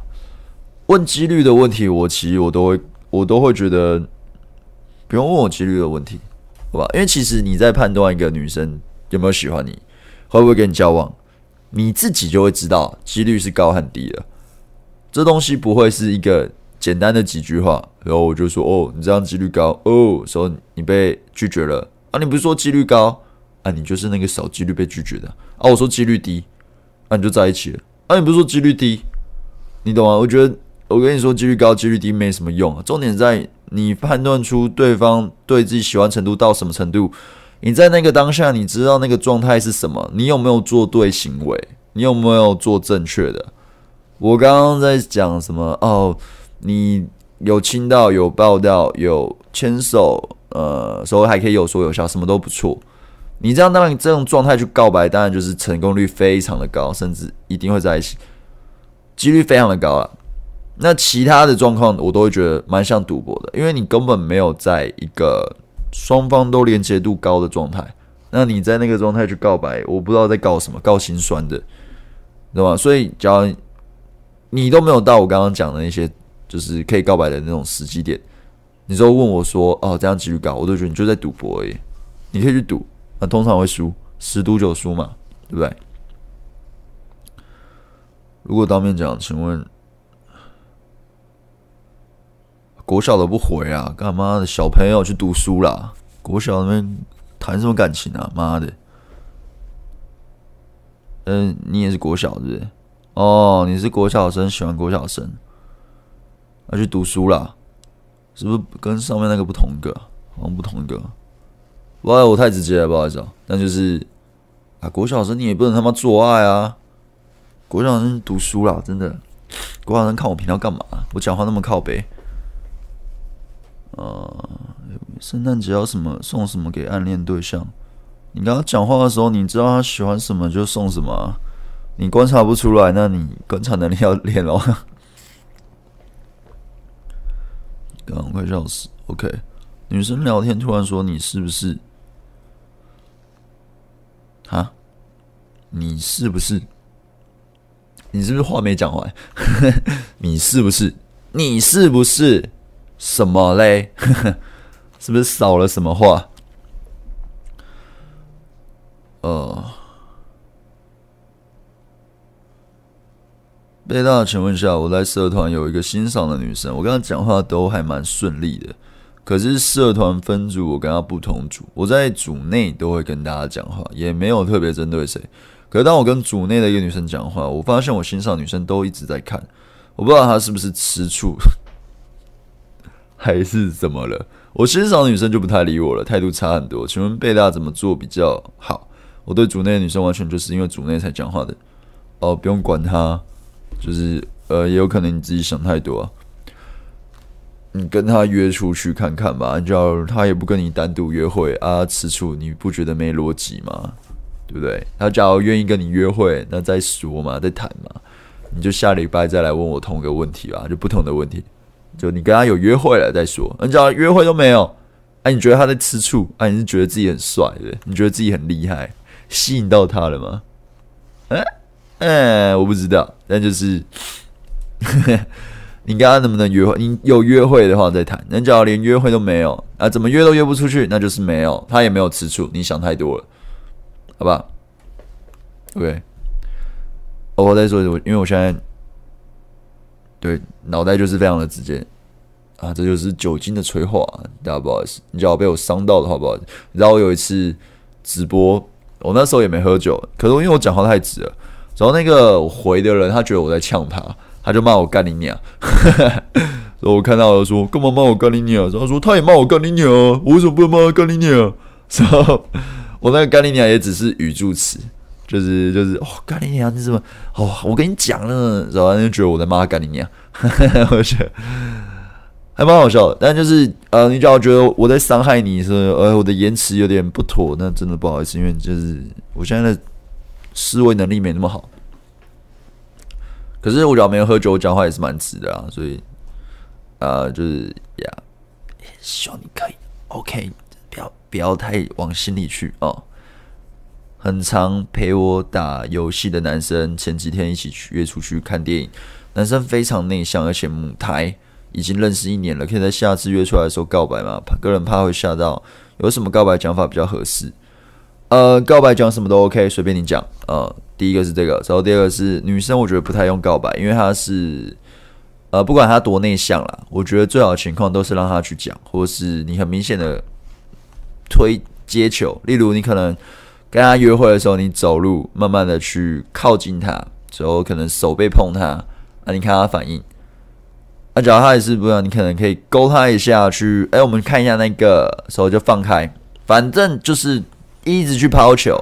Speaker 1: 問幾率的問題，我其實我都會，我都會覺得。不用問我幾率的問題，好吧？因為其實你在判斷一個女生有沒有喜歡你，會不會跟你交往，你自己就會知道幾率是高和低了。這東西不會是一個簡單的幾句話，然後我就說哦，你這樣幾率高哦，說你被拒絕了啊，你不是說幾率高啊，你就是那個小幾率被拒絕的啊，我說幾率低啊，你就在一起了啊，你不是說幾率低，你懂嗎？我覺得我跟你說幾率高、幾率低沒什麼用啊，重點在。你判斷出對方對自己喜歡程度到什麼程度？你在那個當下，你知道那個狀態是什麼？你有沒有做對行為？你有沒有做正確的？我剛剛在講什麼？哦，你有親到，有抱到，有牽手，呃，所以還可以有說有笑，什麼都不錯。你這樣，當然你這種狀態去告白，當然就是成功率非常的高，甚至一定會在一起，幾率非常的高啊。那其他的狀況，我都會覺得蠻像賭博的，因為你根本沒有在一個雙方都連接度高的狀態。那你在那個狀態去告白，我不知道在告什麼，告心酸的，對吧？所以，假如你都沒有到我剛剛講的那些，就是可以告白的那種時機點，你就問我說：“哦，這樣繼續搞？”我都覺得你就在賭博而已。你可以去賭，那、啊、通常會輸，十賭九輸嘛，對不對？如果當面講，請問，國小都不回啊，幹嘛的？小朋友去讀書啦，國小那邊談什麼感情啊？媽的！嗯，你也是國小的哦，你是國小生，喜歡國小生，要、啊、去讀書啦，是不是？跟上面那個不同一個，好像不同一個。哇，我太直接了，不好意思啊、哦。那就是啊，國小生你也不能他媽做愛啊！國小生讀書啦，真的，國小生看我頻道幹嘛？我講話那麼靠北？呃，聖誕節要什麼送什麼給暗戀對象。你跟他講話的時候，你知道他喜歡什麼就送什麼、啊。你觀察不出來，那你觀察能力要練咯。剛剛快笑死。OK，女生聊天突然說：“你是不是？啊？你是不是？你是不是話沒講完？ 你是不是？你是不是？”什麼嘞？ 是不是少了什麼話？呃，貝大，請問一下，我在社團有一個欣賞的女生，我跟她講話都還蠻順利的。可是社團分組，我跟她不同組，我在組內都會跟大家講話，也沒有特別針對誰。可是當我跟組內的一個女生講話，我發現我欣賞的女生都一直在看，我不知道她是不是吃醋。還是怎麼了？我欣賞的女生就不太理我了，態度差很多。請問貝拉怎麼做比較好？我對組內的女生完全就是因為組內才講話的。哦，不用管他，就是呃，也有可能你自己想太多啊，你跟他約出去看看吧。你叫他也不跟你單獨約會啊，吃醋，你不覺得沒邏輯嗎？對不對？他假如願意跟你約會，那再說嘛，再談嘛。你就下禮拜再來問我同一個問題吧，就不同的問題。就你跟他有約會了再說，人家約會都沒有，哎、啊，你覺得他在吃醋？哎、啊，你是覺得自己很帥的？你覺得自己很厲害，吸引到他了嗎？嗯、啊、嗯、啊，我不知道，但就是呵呵，你跟他能不能約會？你有約會的話再談，人家連約會都沒有，啊，怎麼約都約不出去，那就是沒有，他也沒有吃醋，你想太多了，好吧？okay. oh, 我再說一，我因為我現在。對，腦袋就是非常的直接啊，這就是酒精的催化啊，知道不好意思，你腳被我傷到的好不好意思？然後我有一次直播，我那時候也沒喝酒，可是因為我講話太直了，然後那個回的人他覺得我在嗆他，他就罵我幹你娘，然 後我看到了就說幹嘛罵我幹你娘？然後他說他也罵我幹你娘啊，我為什麼不能罵他幹你娘？然後我那個幹你娘也只是語助詞。就是就是哦，幹你娘！你怎麼哦？我跟你講了，然後你就覺得我在罵幹你娘， 我覺得還蠻好笑的。但就是呃，你只要覺得我在傷害你，是不是？呃，我的言辭有點不妥，那真的不好意思，因為就是我現在的思維能力沒那麼好。可是我只要沒有喝酒，我講話也是蠻直的啊。所以呃，就是呀，希望你可以 OK，不要不要太往心裡去啊。哦很常陪我打遊戲的男生，前幾天一起去約出去看電影。男生非常內向，而且母胎已經認識一年了，可以在下次約出來的時候告白嗎？個人怕會嚇到，有什麼告白講法比較合適？呃，告白講什麼都 OK，隨便你講。呃，第一個是這個，然後第二個是女生，我覺得不太用告白，因為她是呃不管她多內向啦，我覺得最好的情況都是讓她去講，或是你很明顯的推接球，例如你可能。跟他約會的時候，你走路慢慢的去靠近他，之後可能手背碰他，啊，你看他反應。啊，假如他也是這樣，你可能可以勾他一下，去，哎、欸，我們看一下那個，然後就放開，反正就是一直去拋球。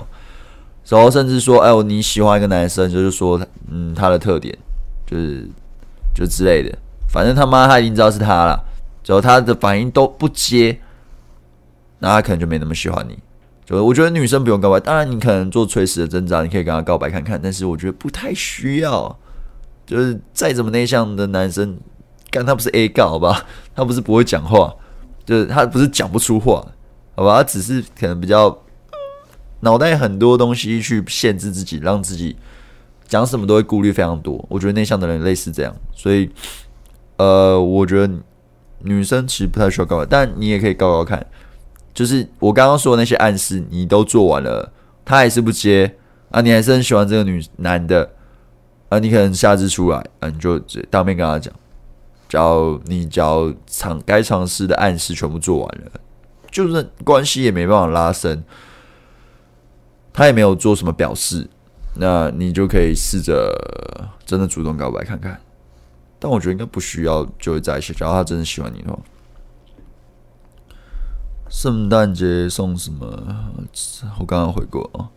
Speaker 1: 然後甚至說，哎、欸，你喜歡一個男生，就是說，嗯，他的特點就是就之類的，反正他媽他已經知道是他了，之後他的反應都不接，那他可能就沒那麼喜歡你。就我覺得女生不用告白，當然你可能做垂死的掙扎，你可以跟他告白看看，但是我覺得不太需要。就是再怎麼內向的男生，但他不是 A 告，好吧？他不是不會講話，就是他不是講不出話，好吧？他只是可能比較腦袋很多東西去限制自己，讓自己講什麼都會顧慮非常多。我覺得內向的人類似這樣，所以呃，我覺得女生其實不太需要告白，但你也可以告告看。就是我剛剛說的那些暗示，你都做完了，他還是不接啊？你還是很喜歡這個女男的啊？你可能下次出來，啊、你就當面跟他講，只要你只要嘗該嘗試的暗示全部做完了，就算關係也沒辦法拉伸，他也沒有做什麼表示，那你就可以試着真的主動告白看看。但我覺得應該不需要就會在一起，只要他真的喜歡你的話。聖誕節送什麼？我剛剛回過哦。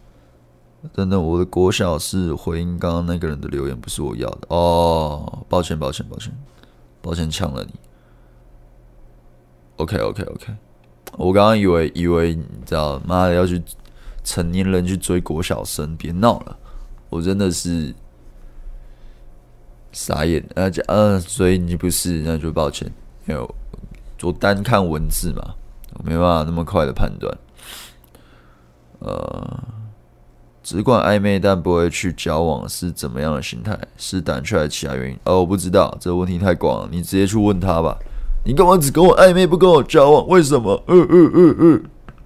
Speaker 1: 等等，我的國小是回應剛剛那個人的留言，不是我要的哦。Oh, 抱歉，抱歉，抱歉，抱歉，嗆了你。OK，OK，OK okay, okay, okay.。我剛剛以為以為你知道，媽的要去成年人去追國小生，別鬧了。我真的是傻眼。呃、啊，呃、啊，所以你不是，那就抱歉。因為我，我單看文字嘛。沒辦法那麼快的判斷，呃，只管曖昧但不會去交往是怎麼樣的心態？是膽怯還是其他原因？哦、呃，我不知道，這個問題太廣，你直接去問他吧。你幹嘛只跟我曖昧不跟我交往？為什麼？嗯嗯嗯嗯，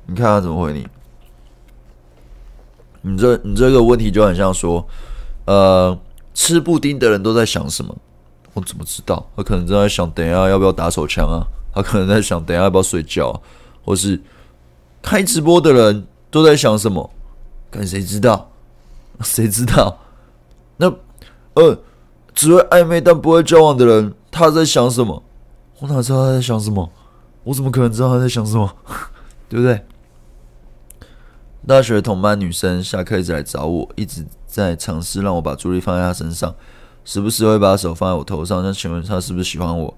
Speaker 1: 你看他怎麼回你？你這你這個問題就很像說，呃，吃布丁的人都在想什麼？我怎麼知道？他可能正在想等一下要不要打手槍啊？他可能在想等一下要不要睡覺、啊？或是開直播的人都在想什麼？看誰知道？誰知道？那呃，只會曖昧但不會交往的人，他在想什麼？我哪知道他在想什麼？我怎麼可能知道他在想什麼？ 對不對？大學同班女生下課一直來找我，一直在嘗試讓我把注意力放在她身上，時不時會把手放在我頭上。那請問她是不是喜歡我？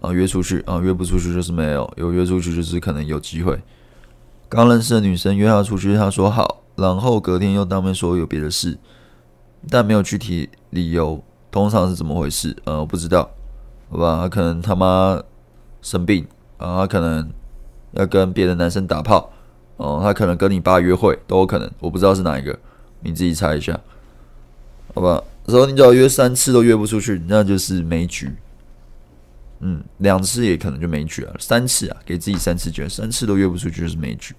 Speaker 1: 啊，約出去啊，約不出去就是沒有；有約出去就是可能有機會。剛認識的女生約她出去，她說好，然後隔天又當面說有別的事，但沒有具體理由。通常是怎麼回事？呃，我不知道，好吧？她可能她媽生病啊，她可能要跟別的男生打炮哦，她，啊，可能跟你爸約會，都有可能。我不知道是哪一個，你自己猜一下，好吧？所以你只要約三次都約不出去，那就是沒局。嗯，兩次也可能就沒局了，三次啊，給自己三次機會，三次都約不出去就是沒局。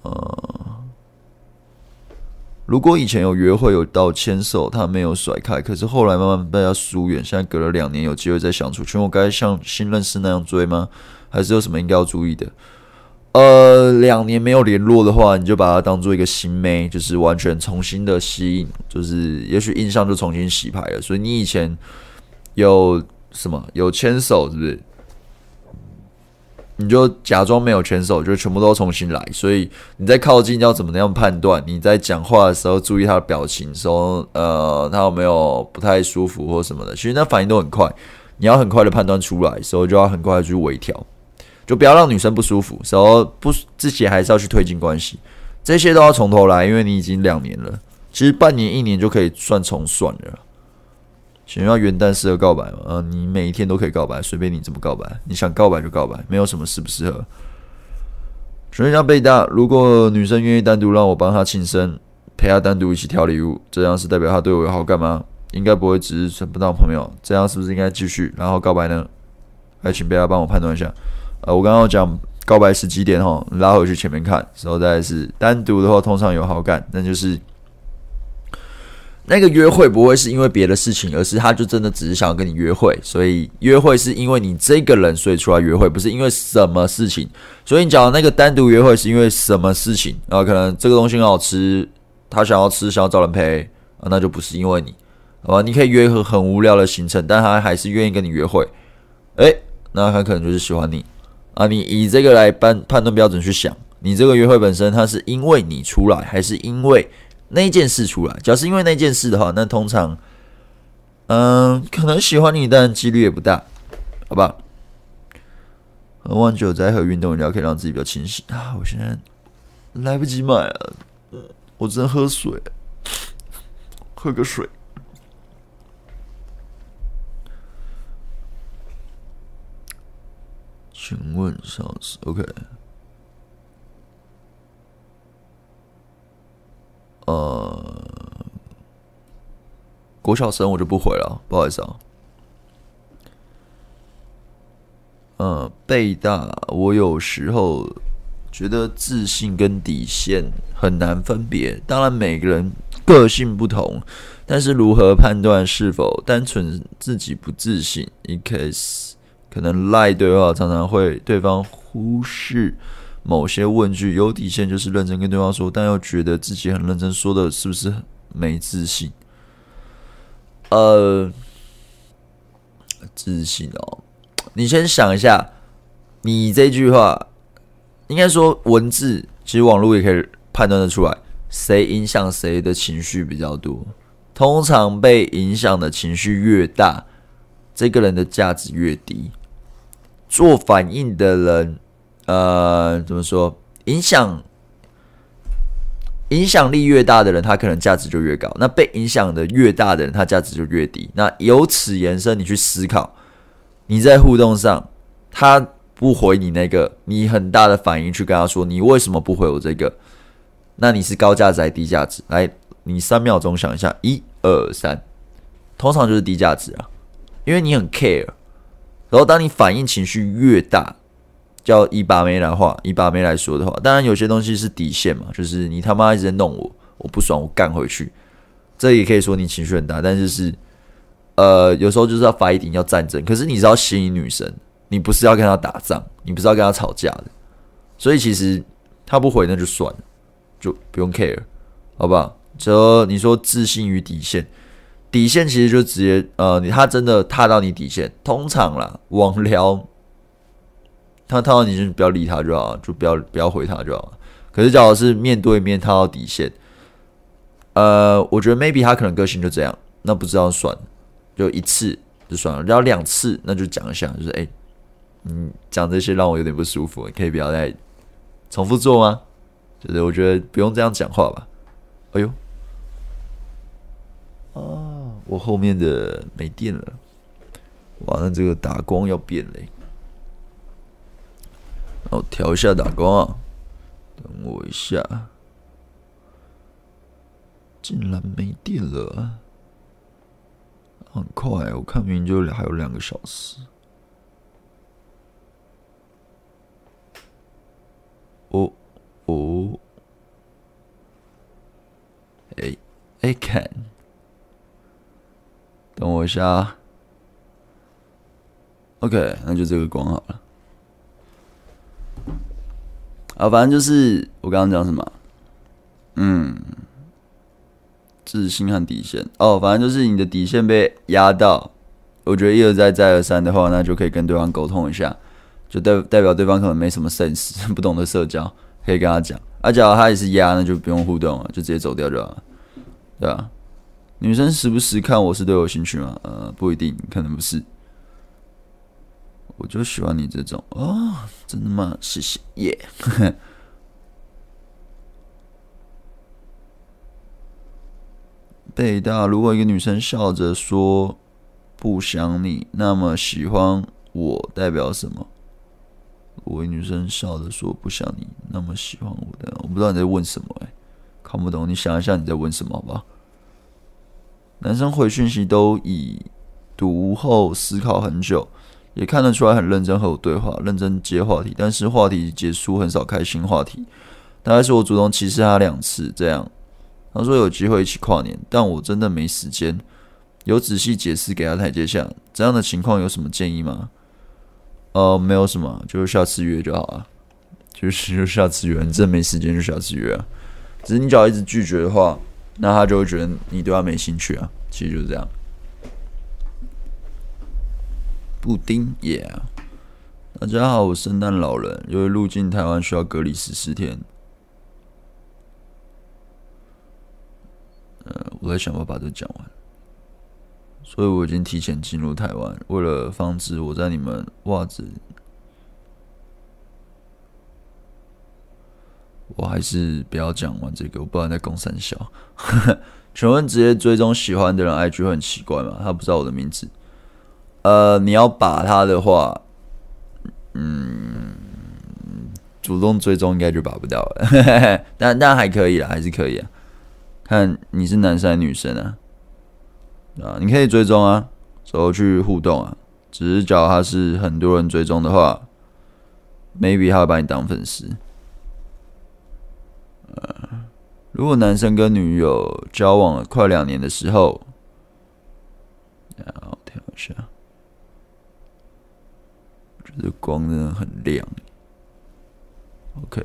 Speaker 1: 呃，如果以前有約會有到牽手，他沒有甩開，可是後來慢慢被他疏遠，現在隔了兩年有機會再想出去，我該像新認識那樣追嗎？還是有什麼應該要注意的？呃，兩年沒有聯絡的話，你就把它當做一個新妹，就是完全重新的吸引，就是也許印象就重新洗牌了。所以你以前有什麼有牽手，是不是？你就假裝沒有牽手，就全部都重新來。所以你在靠近要怎麼樣判斷？你在講話的時候注意他的表情，說，呃他有沒有不太舒服或什麼的。其實他反應都很快，你要很快的判斷出來，所以就要很快的去微調。就不要讓女生不舒服，時候不自己還是要去推進關係，這些都要從頭來，因為你已經兩年了。其實半年一年就可以算重算了。想要元旦適合告白嗎？嗯、呃，你每一天都可以告白，隨便你怎麼告白，你想告白就告白，沒有什麼適不適合。首先讓貝大，如果女生願意單獨讓我幫她慶生，陪她單獨一起挑禮物，這樣是代表她對我有好感嗎？應該不會只是成不到朋友，這樣是不是應該繼續然後告白呢？還請貝大幫我判斷一下。呃、啊，我剛剛講告白時機點，哈，拉回去前面看。然後再是單獨的話，通常有好感，那就是那個約會不會是因為別的事情，而是他就真的只是想要跟你約會。所以約會是因為你這個人，所以出來約會，不是因為什麼事情。所以你講的那個單獨約會是因為什麼事情？啊，可能這個東西很好吃，他想要吃，想要找人陪，啊、那就不是因為你，好吧？你可以約一個很無聊的行程，但他還是願意跟你約會。哎、欸，那他可能就是喜歡你。啊，你以這個來判判斷標準去想，你這個約會本身，它是因為你出來，還是因為那件事出來？假如是因為那件事的話，那通常，嗯、呃，可能喜歡你，但幾率也不大，好吧？喝完酒再喝運動飲料，可以讓自己比較清醒啊！我現在來不及買了，我只能喝水，喝個水。請問上次 OK？呃，國小生我就不回了，不好意思啊。呃，貝大，我有時候覺得自信跟底線很難分別。當然每個人個性不同，但是如何判斷是否單純自己不自信？E K S。可能賴、like、對話，常常會對方忽視某些問句。有底線就是認真跟對方說，但又覺得自己很認真說的，是不是很沒自信？呃，自信哦，你先想一下，你這句話應該說文字，其實網絡也可以判斷得出來，誰影響誰的情緒比較多。通常被影響的情緒越大，這個人的價值越低。做反應的人，呃，怎麼說？影響影響力越大的人，他可能價值就越高。那被影響的越大的人，他價值就越低。那由此延伸，你去思考，你在互動上，他不回你那個，你很大的反應去跟他說，你為什麼不回我這個？那你是高價值還是低價值？來，你三秒鐘想一下，一、二、三，通常就是低價值啊，因為你很 care。然後，當你反應情緒越大，叫一把妹來話，一把妹來說的話，當然有些東西是底線嘛，就是你他媽一直在弄我，我不爽，我幹回去。這也可以說你情緒很大，但就是,是，呃，有時候就是要發一點要戰爭。可是你是要吸引女神，你不是要跟她打仗，你不是要跟她吵架的。所以其實他不回那就算了，就不用 care，好不好？就你說自信與底線。底線其實就直接，呃，你他真的踏到你底線，通常啦，網聊，他踏到你就不要理他就好了，就不要不要回他就好了。可是假如是面對面踏到底線，呃，我覺得 maybe 他可能個性就這樣，那不知道算了，就一次就算了。聊兩次那就講一下，就是哎、欸，你講這些讓我有點不舒服，你可以不要再重複做嗎？就是我覺得不用這樣講話吧。哎呦，啊、呃。我後面的沒電了。完了，這個打光要變了，然後調一下打光、啊，等我一下，竟然沒電了，很快，我看明就還有兩個小時。哦，哦，誒哎 can。誒看等我一下，OK，那就這個關好了。啊，反正就是我剛剛講什麼，嗯，自信和底線。哦，反正就是你的底線被壓到，我覺得一而再再而三的話，那就可以跟對方溝通一下，就代代表對方可能沒什麼 sense，不懂得社交，可以跟他講。啊，假如他也是壓，那就不用互動了，就直接走掉就好了，對吧、啊？女生時不時看我是對我有興趣嗎？呃，不一定，可能不是。我就喜歡你這種啊、哦，真的嗎？謝謝耶。北、yeah、 大，如果一個女生笑着說不想你，那麼喜歡我代表什麼？如果一個女生笑着說不想你，那麼喜歡我代表，我不知道你在問什麼哎，看不懂。你想一下你在問什麼，好吧？男生回訊息都已讀後思考很久，也看得出來很認真和我對話，認真接話題，但是話題結束很少開新話題，大概是我主動提示他兩次這樣。他說有機會一起跨年，但我真的沒時間，有仔細解釋給他台階下。這樣的情況有什麼建議嗎？呃，沒有什麼，就是下次約就好了。就是就下次約，你真的沒時間就下次約，只是你只要一直拒絕的話。那他就會覺得你對他沒興趣啊，其實就是這樣。布丁，耶、yeah！大家好，我是聖誕老人，因為入境台灣需要隔離十四天，呃，我在想辦法把這講完，所以我已經提前進入台灣，為了防止我在你們襪子。我還是不要講完這個，我不知道在攻三小。請 問直接追蹤喜歡的人 IG 會很奇怪嗎？他不知道我的名字。呃，你要把他的話，嗯，主動追蹤應該就把不到了。 但但還可以啊，還是可以啊。看你是男生還是女生啊，啊，你可以追蹤啊，走去互動啊。只是假如他是很多人追蹤的話，maybe 他會把你當粉絲。呃，如果男生跟女友交往了快兩年的時候，好調一下，這光真的很亮。OK，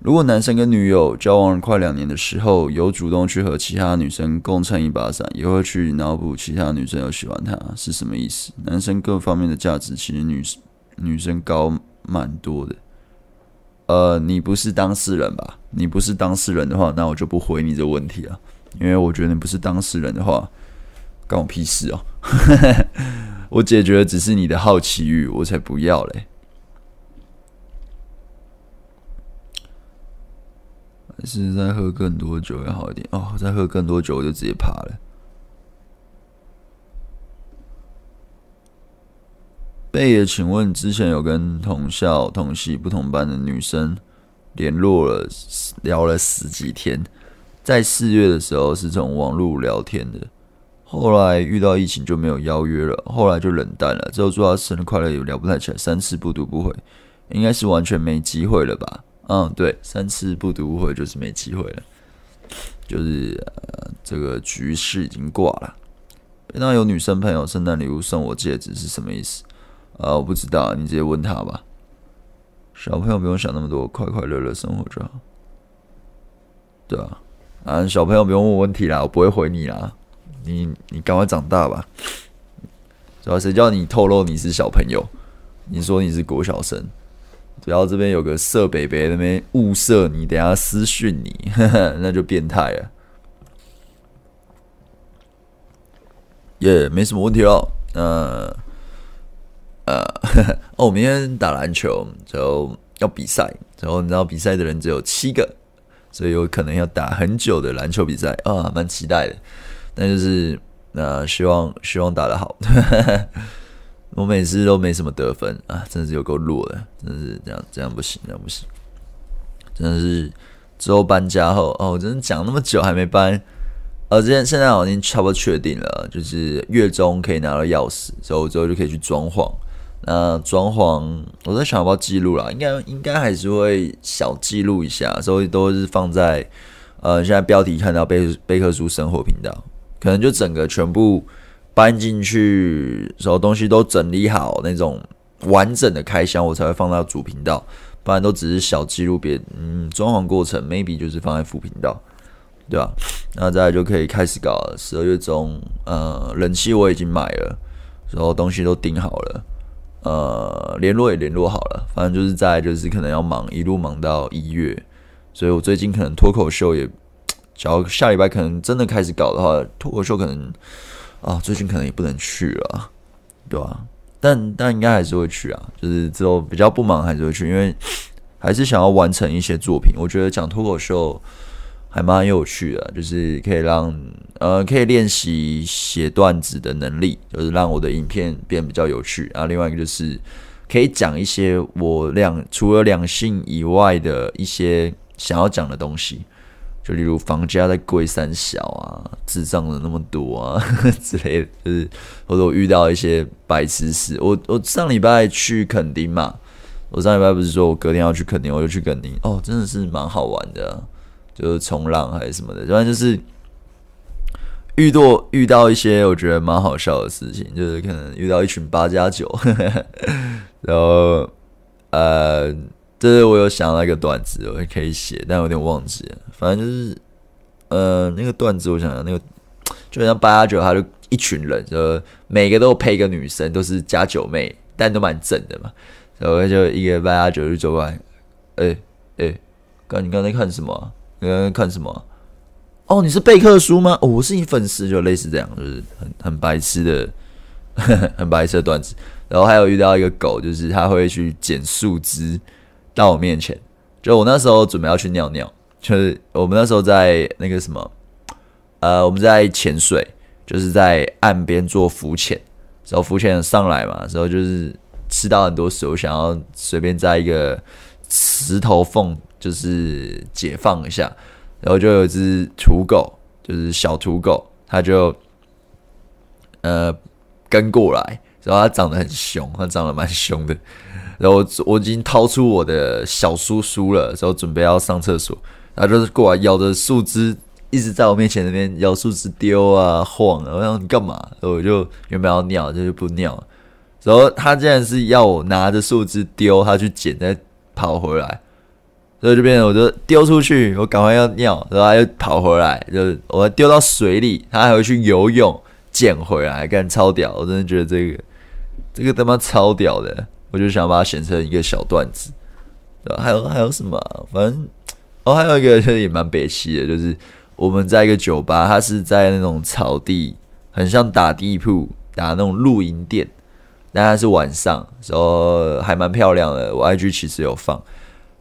Speaker 1: 如果男生跟女友交往了快兩年的時候，有主動去和其他女生共撐一把傘，也會去腦補其他女生有喜歡他，是什麼意思？男生各方面的價值其實女女生高蠻多的。呃，你不是當事人吧？你不是當事人的話，那我就不回你這個問題了，因為我覺得你不是當事人的話，關我屁事哦！ 我解決的只是你的好奇慾，我才不要嘞！還是再喝更多酒要好一點哦，再喝更多酒我就直接趴了。貝爺，請問之前有跟同校同系不同班的女生聯絡了，聊了十幾天，在四月的時候是這種網絡聊天的，後來遇到疫情就沒有邀約了，後來就冷淡了。之後祝他生日快樂也聊不太起來，三次不讀不回，應該是完全沒機會了吧？嗯，對，三次不讀不回就是沒機會了，就是、呃、這個局勢已經掛了。那有女生朋友聖誕禮物送我戒指是什麼意思？啊，我不知道，你直接問他吧。小朋友不用想那麼多，快快樂樂生活着，對啊，啊，小朋友不用問我問題啦，我不會回你啦。你你趕快長大吧。主要、啊、誰叫你透露你是小朋友？你說你是國小生。生，主要這邊有個色北北那邊物色你，等下私訊你，呵呵，那就變態了。耶、yeah,，沒什麼問題哦。嗯、呃。呃，哦，我明天打籃球就要，要比賽，然後你知道比賽的人只有七個，所以有可能要打很久的籃球比賽啊，哦，蠻期待的。但就是那、呃、希望希望打得好呵呵，我每次都沒什麼得分啊，真是有夠弱的，真的是這樣，這樣不行，這樣不行，真的是之後搬家後哦，我真的講那麼久還沒搬，呃、哦，之前現在我已經差不多確定了，就是月中可以拿到鑰匙，之後我之後就可以去裝潢。那裝潢，我在想要不要記錄啦，應該應該還是會小記錄一下，所以都是放在呃現在標題看到《貝貝克書生活頻道》，可能就整個全部搬進去，所有東西都整理好那種完整的開箱，我才會放到主頻道，不然都只是小記錄別嗯裝潢過程，maybe 就是放在副頻道，對吧、啊？那再來就可以開始搞了，十二月中，呃，冷氣我已經買了，所有東西都訂好了。呃，聯絡也聯絡好了，反正就是在就是可能要忙，一路忙到一月，所以我最近可能脫口秀也，只要下禮拜可能真的開始搞的話，脫口秀可能啊，最近可能也不能去了，對啊，但但應該還是會去啊，就是之後比較不忙還是會去，因為還是想要完成一些作品。我覺得講脫口秀。還蠻有趣的啊，就是可以讓呃可以練習寫段子的能力，就是讓我的影片變比較有趣。然後，啊，另外一個就是可以講一些我兩除了兩性以外的一些想要講的東西，就例如房價在貴三小啊，智障的那麼多啊呵呵之類的。就是或者我遇到一些白痴事。我我上禮拜去墾丁嘛，我上禮拜不是說我隔天要去墾丁，我就去墾丁，哦，真的是蠻好玩的啊。就是衝浪還是什麼的，反正就是遇到遇到一些我覺得蠻好笑的事情，就是可能遇到一群八加九，呵呵呵，然後呃，就是我有想到一個段子，我可以寫，但我有點忘記了。反正就是呃，那個段子我想想，那個就像八加九，他就一群人，就每個都配一個女生，都是加九妹，但都蠻正的嘛。然後就一個八加九就走過來，哎、欸、哎，剛、欸、你剛才看什麼、啊？呃，看什麼？哦，你是貝克書嗎？哦，我是你粉絲，就類似這樣，就是很很白痴的，很白痴的段子。然後還有遇到一個狗，就是它會去撿樹枝到我面前。就我那時候準備要去尿尿，就是我們那時候在那個什麼，呃，我們在潛水，就是在岸邊做浮潛，然後浮潛上來嘛，時候，就是吃到很多食物，想要隨便在一個石頭縫。就是解放一下，然後就有一隻土狗，就是小土狗，它就呃跟過來，然後它長得很凶，它長得蠻凶的。然後我我已經掏出我的小叔叔了，然後準備要上廁所，它就是過來咬着樹枝，一直在我面前那邊咬樹枝丟啊晃啊。我想你幹嘛？然後我就原本要尿，就是不尿。然後它竟然是要我拿着樹枝丟，它去撿再跑回來。所以這邊我就丟出去，我趕快要尿，然後他又跑回來，就是我丟到水裡，他還會去游泳撿回來，幹超屌，我真的覺得這個這個他媽超屌的，我就想把它寫成一個小段子，對吧？還有還有什麼？反正哦，還有一個就是也蠻北七的，就是我們在一個酒吧，它是在那種草地，很像打地鋪，打那種露營店，但它是晚上，所以還蠻漂亮的，我 IG 其實有放。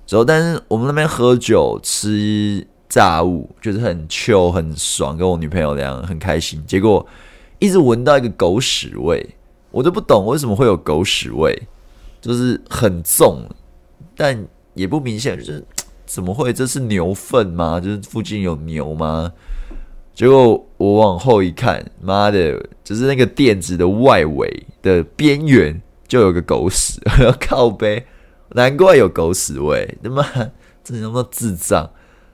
Speaker 1: 之後，但是我們那邊喝酒吃炸物，就是很 chill 很爽，跟我女朋友那樣很開心。結果一直聞到一個狗屎味，我就不懂為什麼會有狗屎味，就是很重，但也不明顯。就是怎麼會？這是牛糞嗎？就是附近有牛嗎？結果我往後一看，媽的，就是那個墊子的外圍的邊緣就有個狗屎 靠背。難怪有狗屎味，他媽，這什麼智障！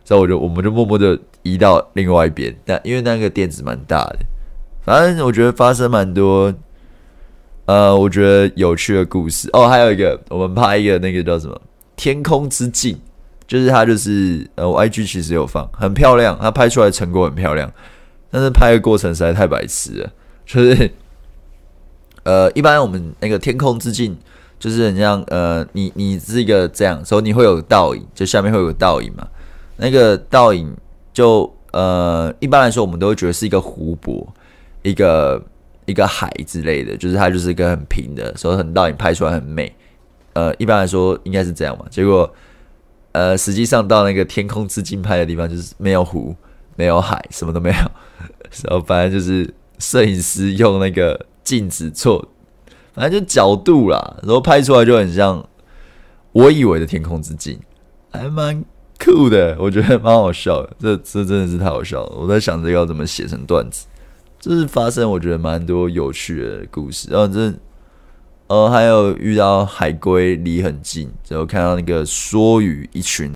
Speaker 1: 所以我就，我們就默默的移到另外一邊。但因為那個店子蠻大的，反正我覺得發生蠻多，呃，我覺得有趣的故事哦。還有一個，我們拍一個那個叫什麼《天空之鏡》，就是它就是呃，我 IG 其實有放，很漂亮，它拍出來成果很漂亮，但是拍的過程實在太白痴了，就是，呃，一般我們那個天空之鏡。就是很像呃，你你是一個這樣，所以你會有倒影，就下面會有個倒影嘛。那個倒影就呃，一般來說我們都會覺得是一個湖泊、一個一個海之類的，就是它就是一個很平的，所以很倒影拍出來很美。呃，一般來說應該是這樣嘛。結果呃，實際上到那個天空之鏡拍的地方就是沒有湖、沒有海，什麼都沒有。然後反正就是攝影師用那個鏡子做。反正就角度啦，然後拍出來就很像我以為的天空之鏡，還蠻酷的，我覺得蠻好笑的。這這真的是太好笑了，我在想這個要怎麼寫成段子。就是發生我覺得蠻多有趣的故事，然後、啊、這呃還有遇到海龜離很近，然後看到那個梭魚一群。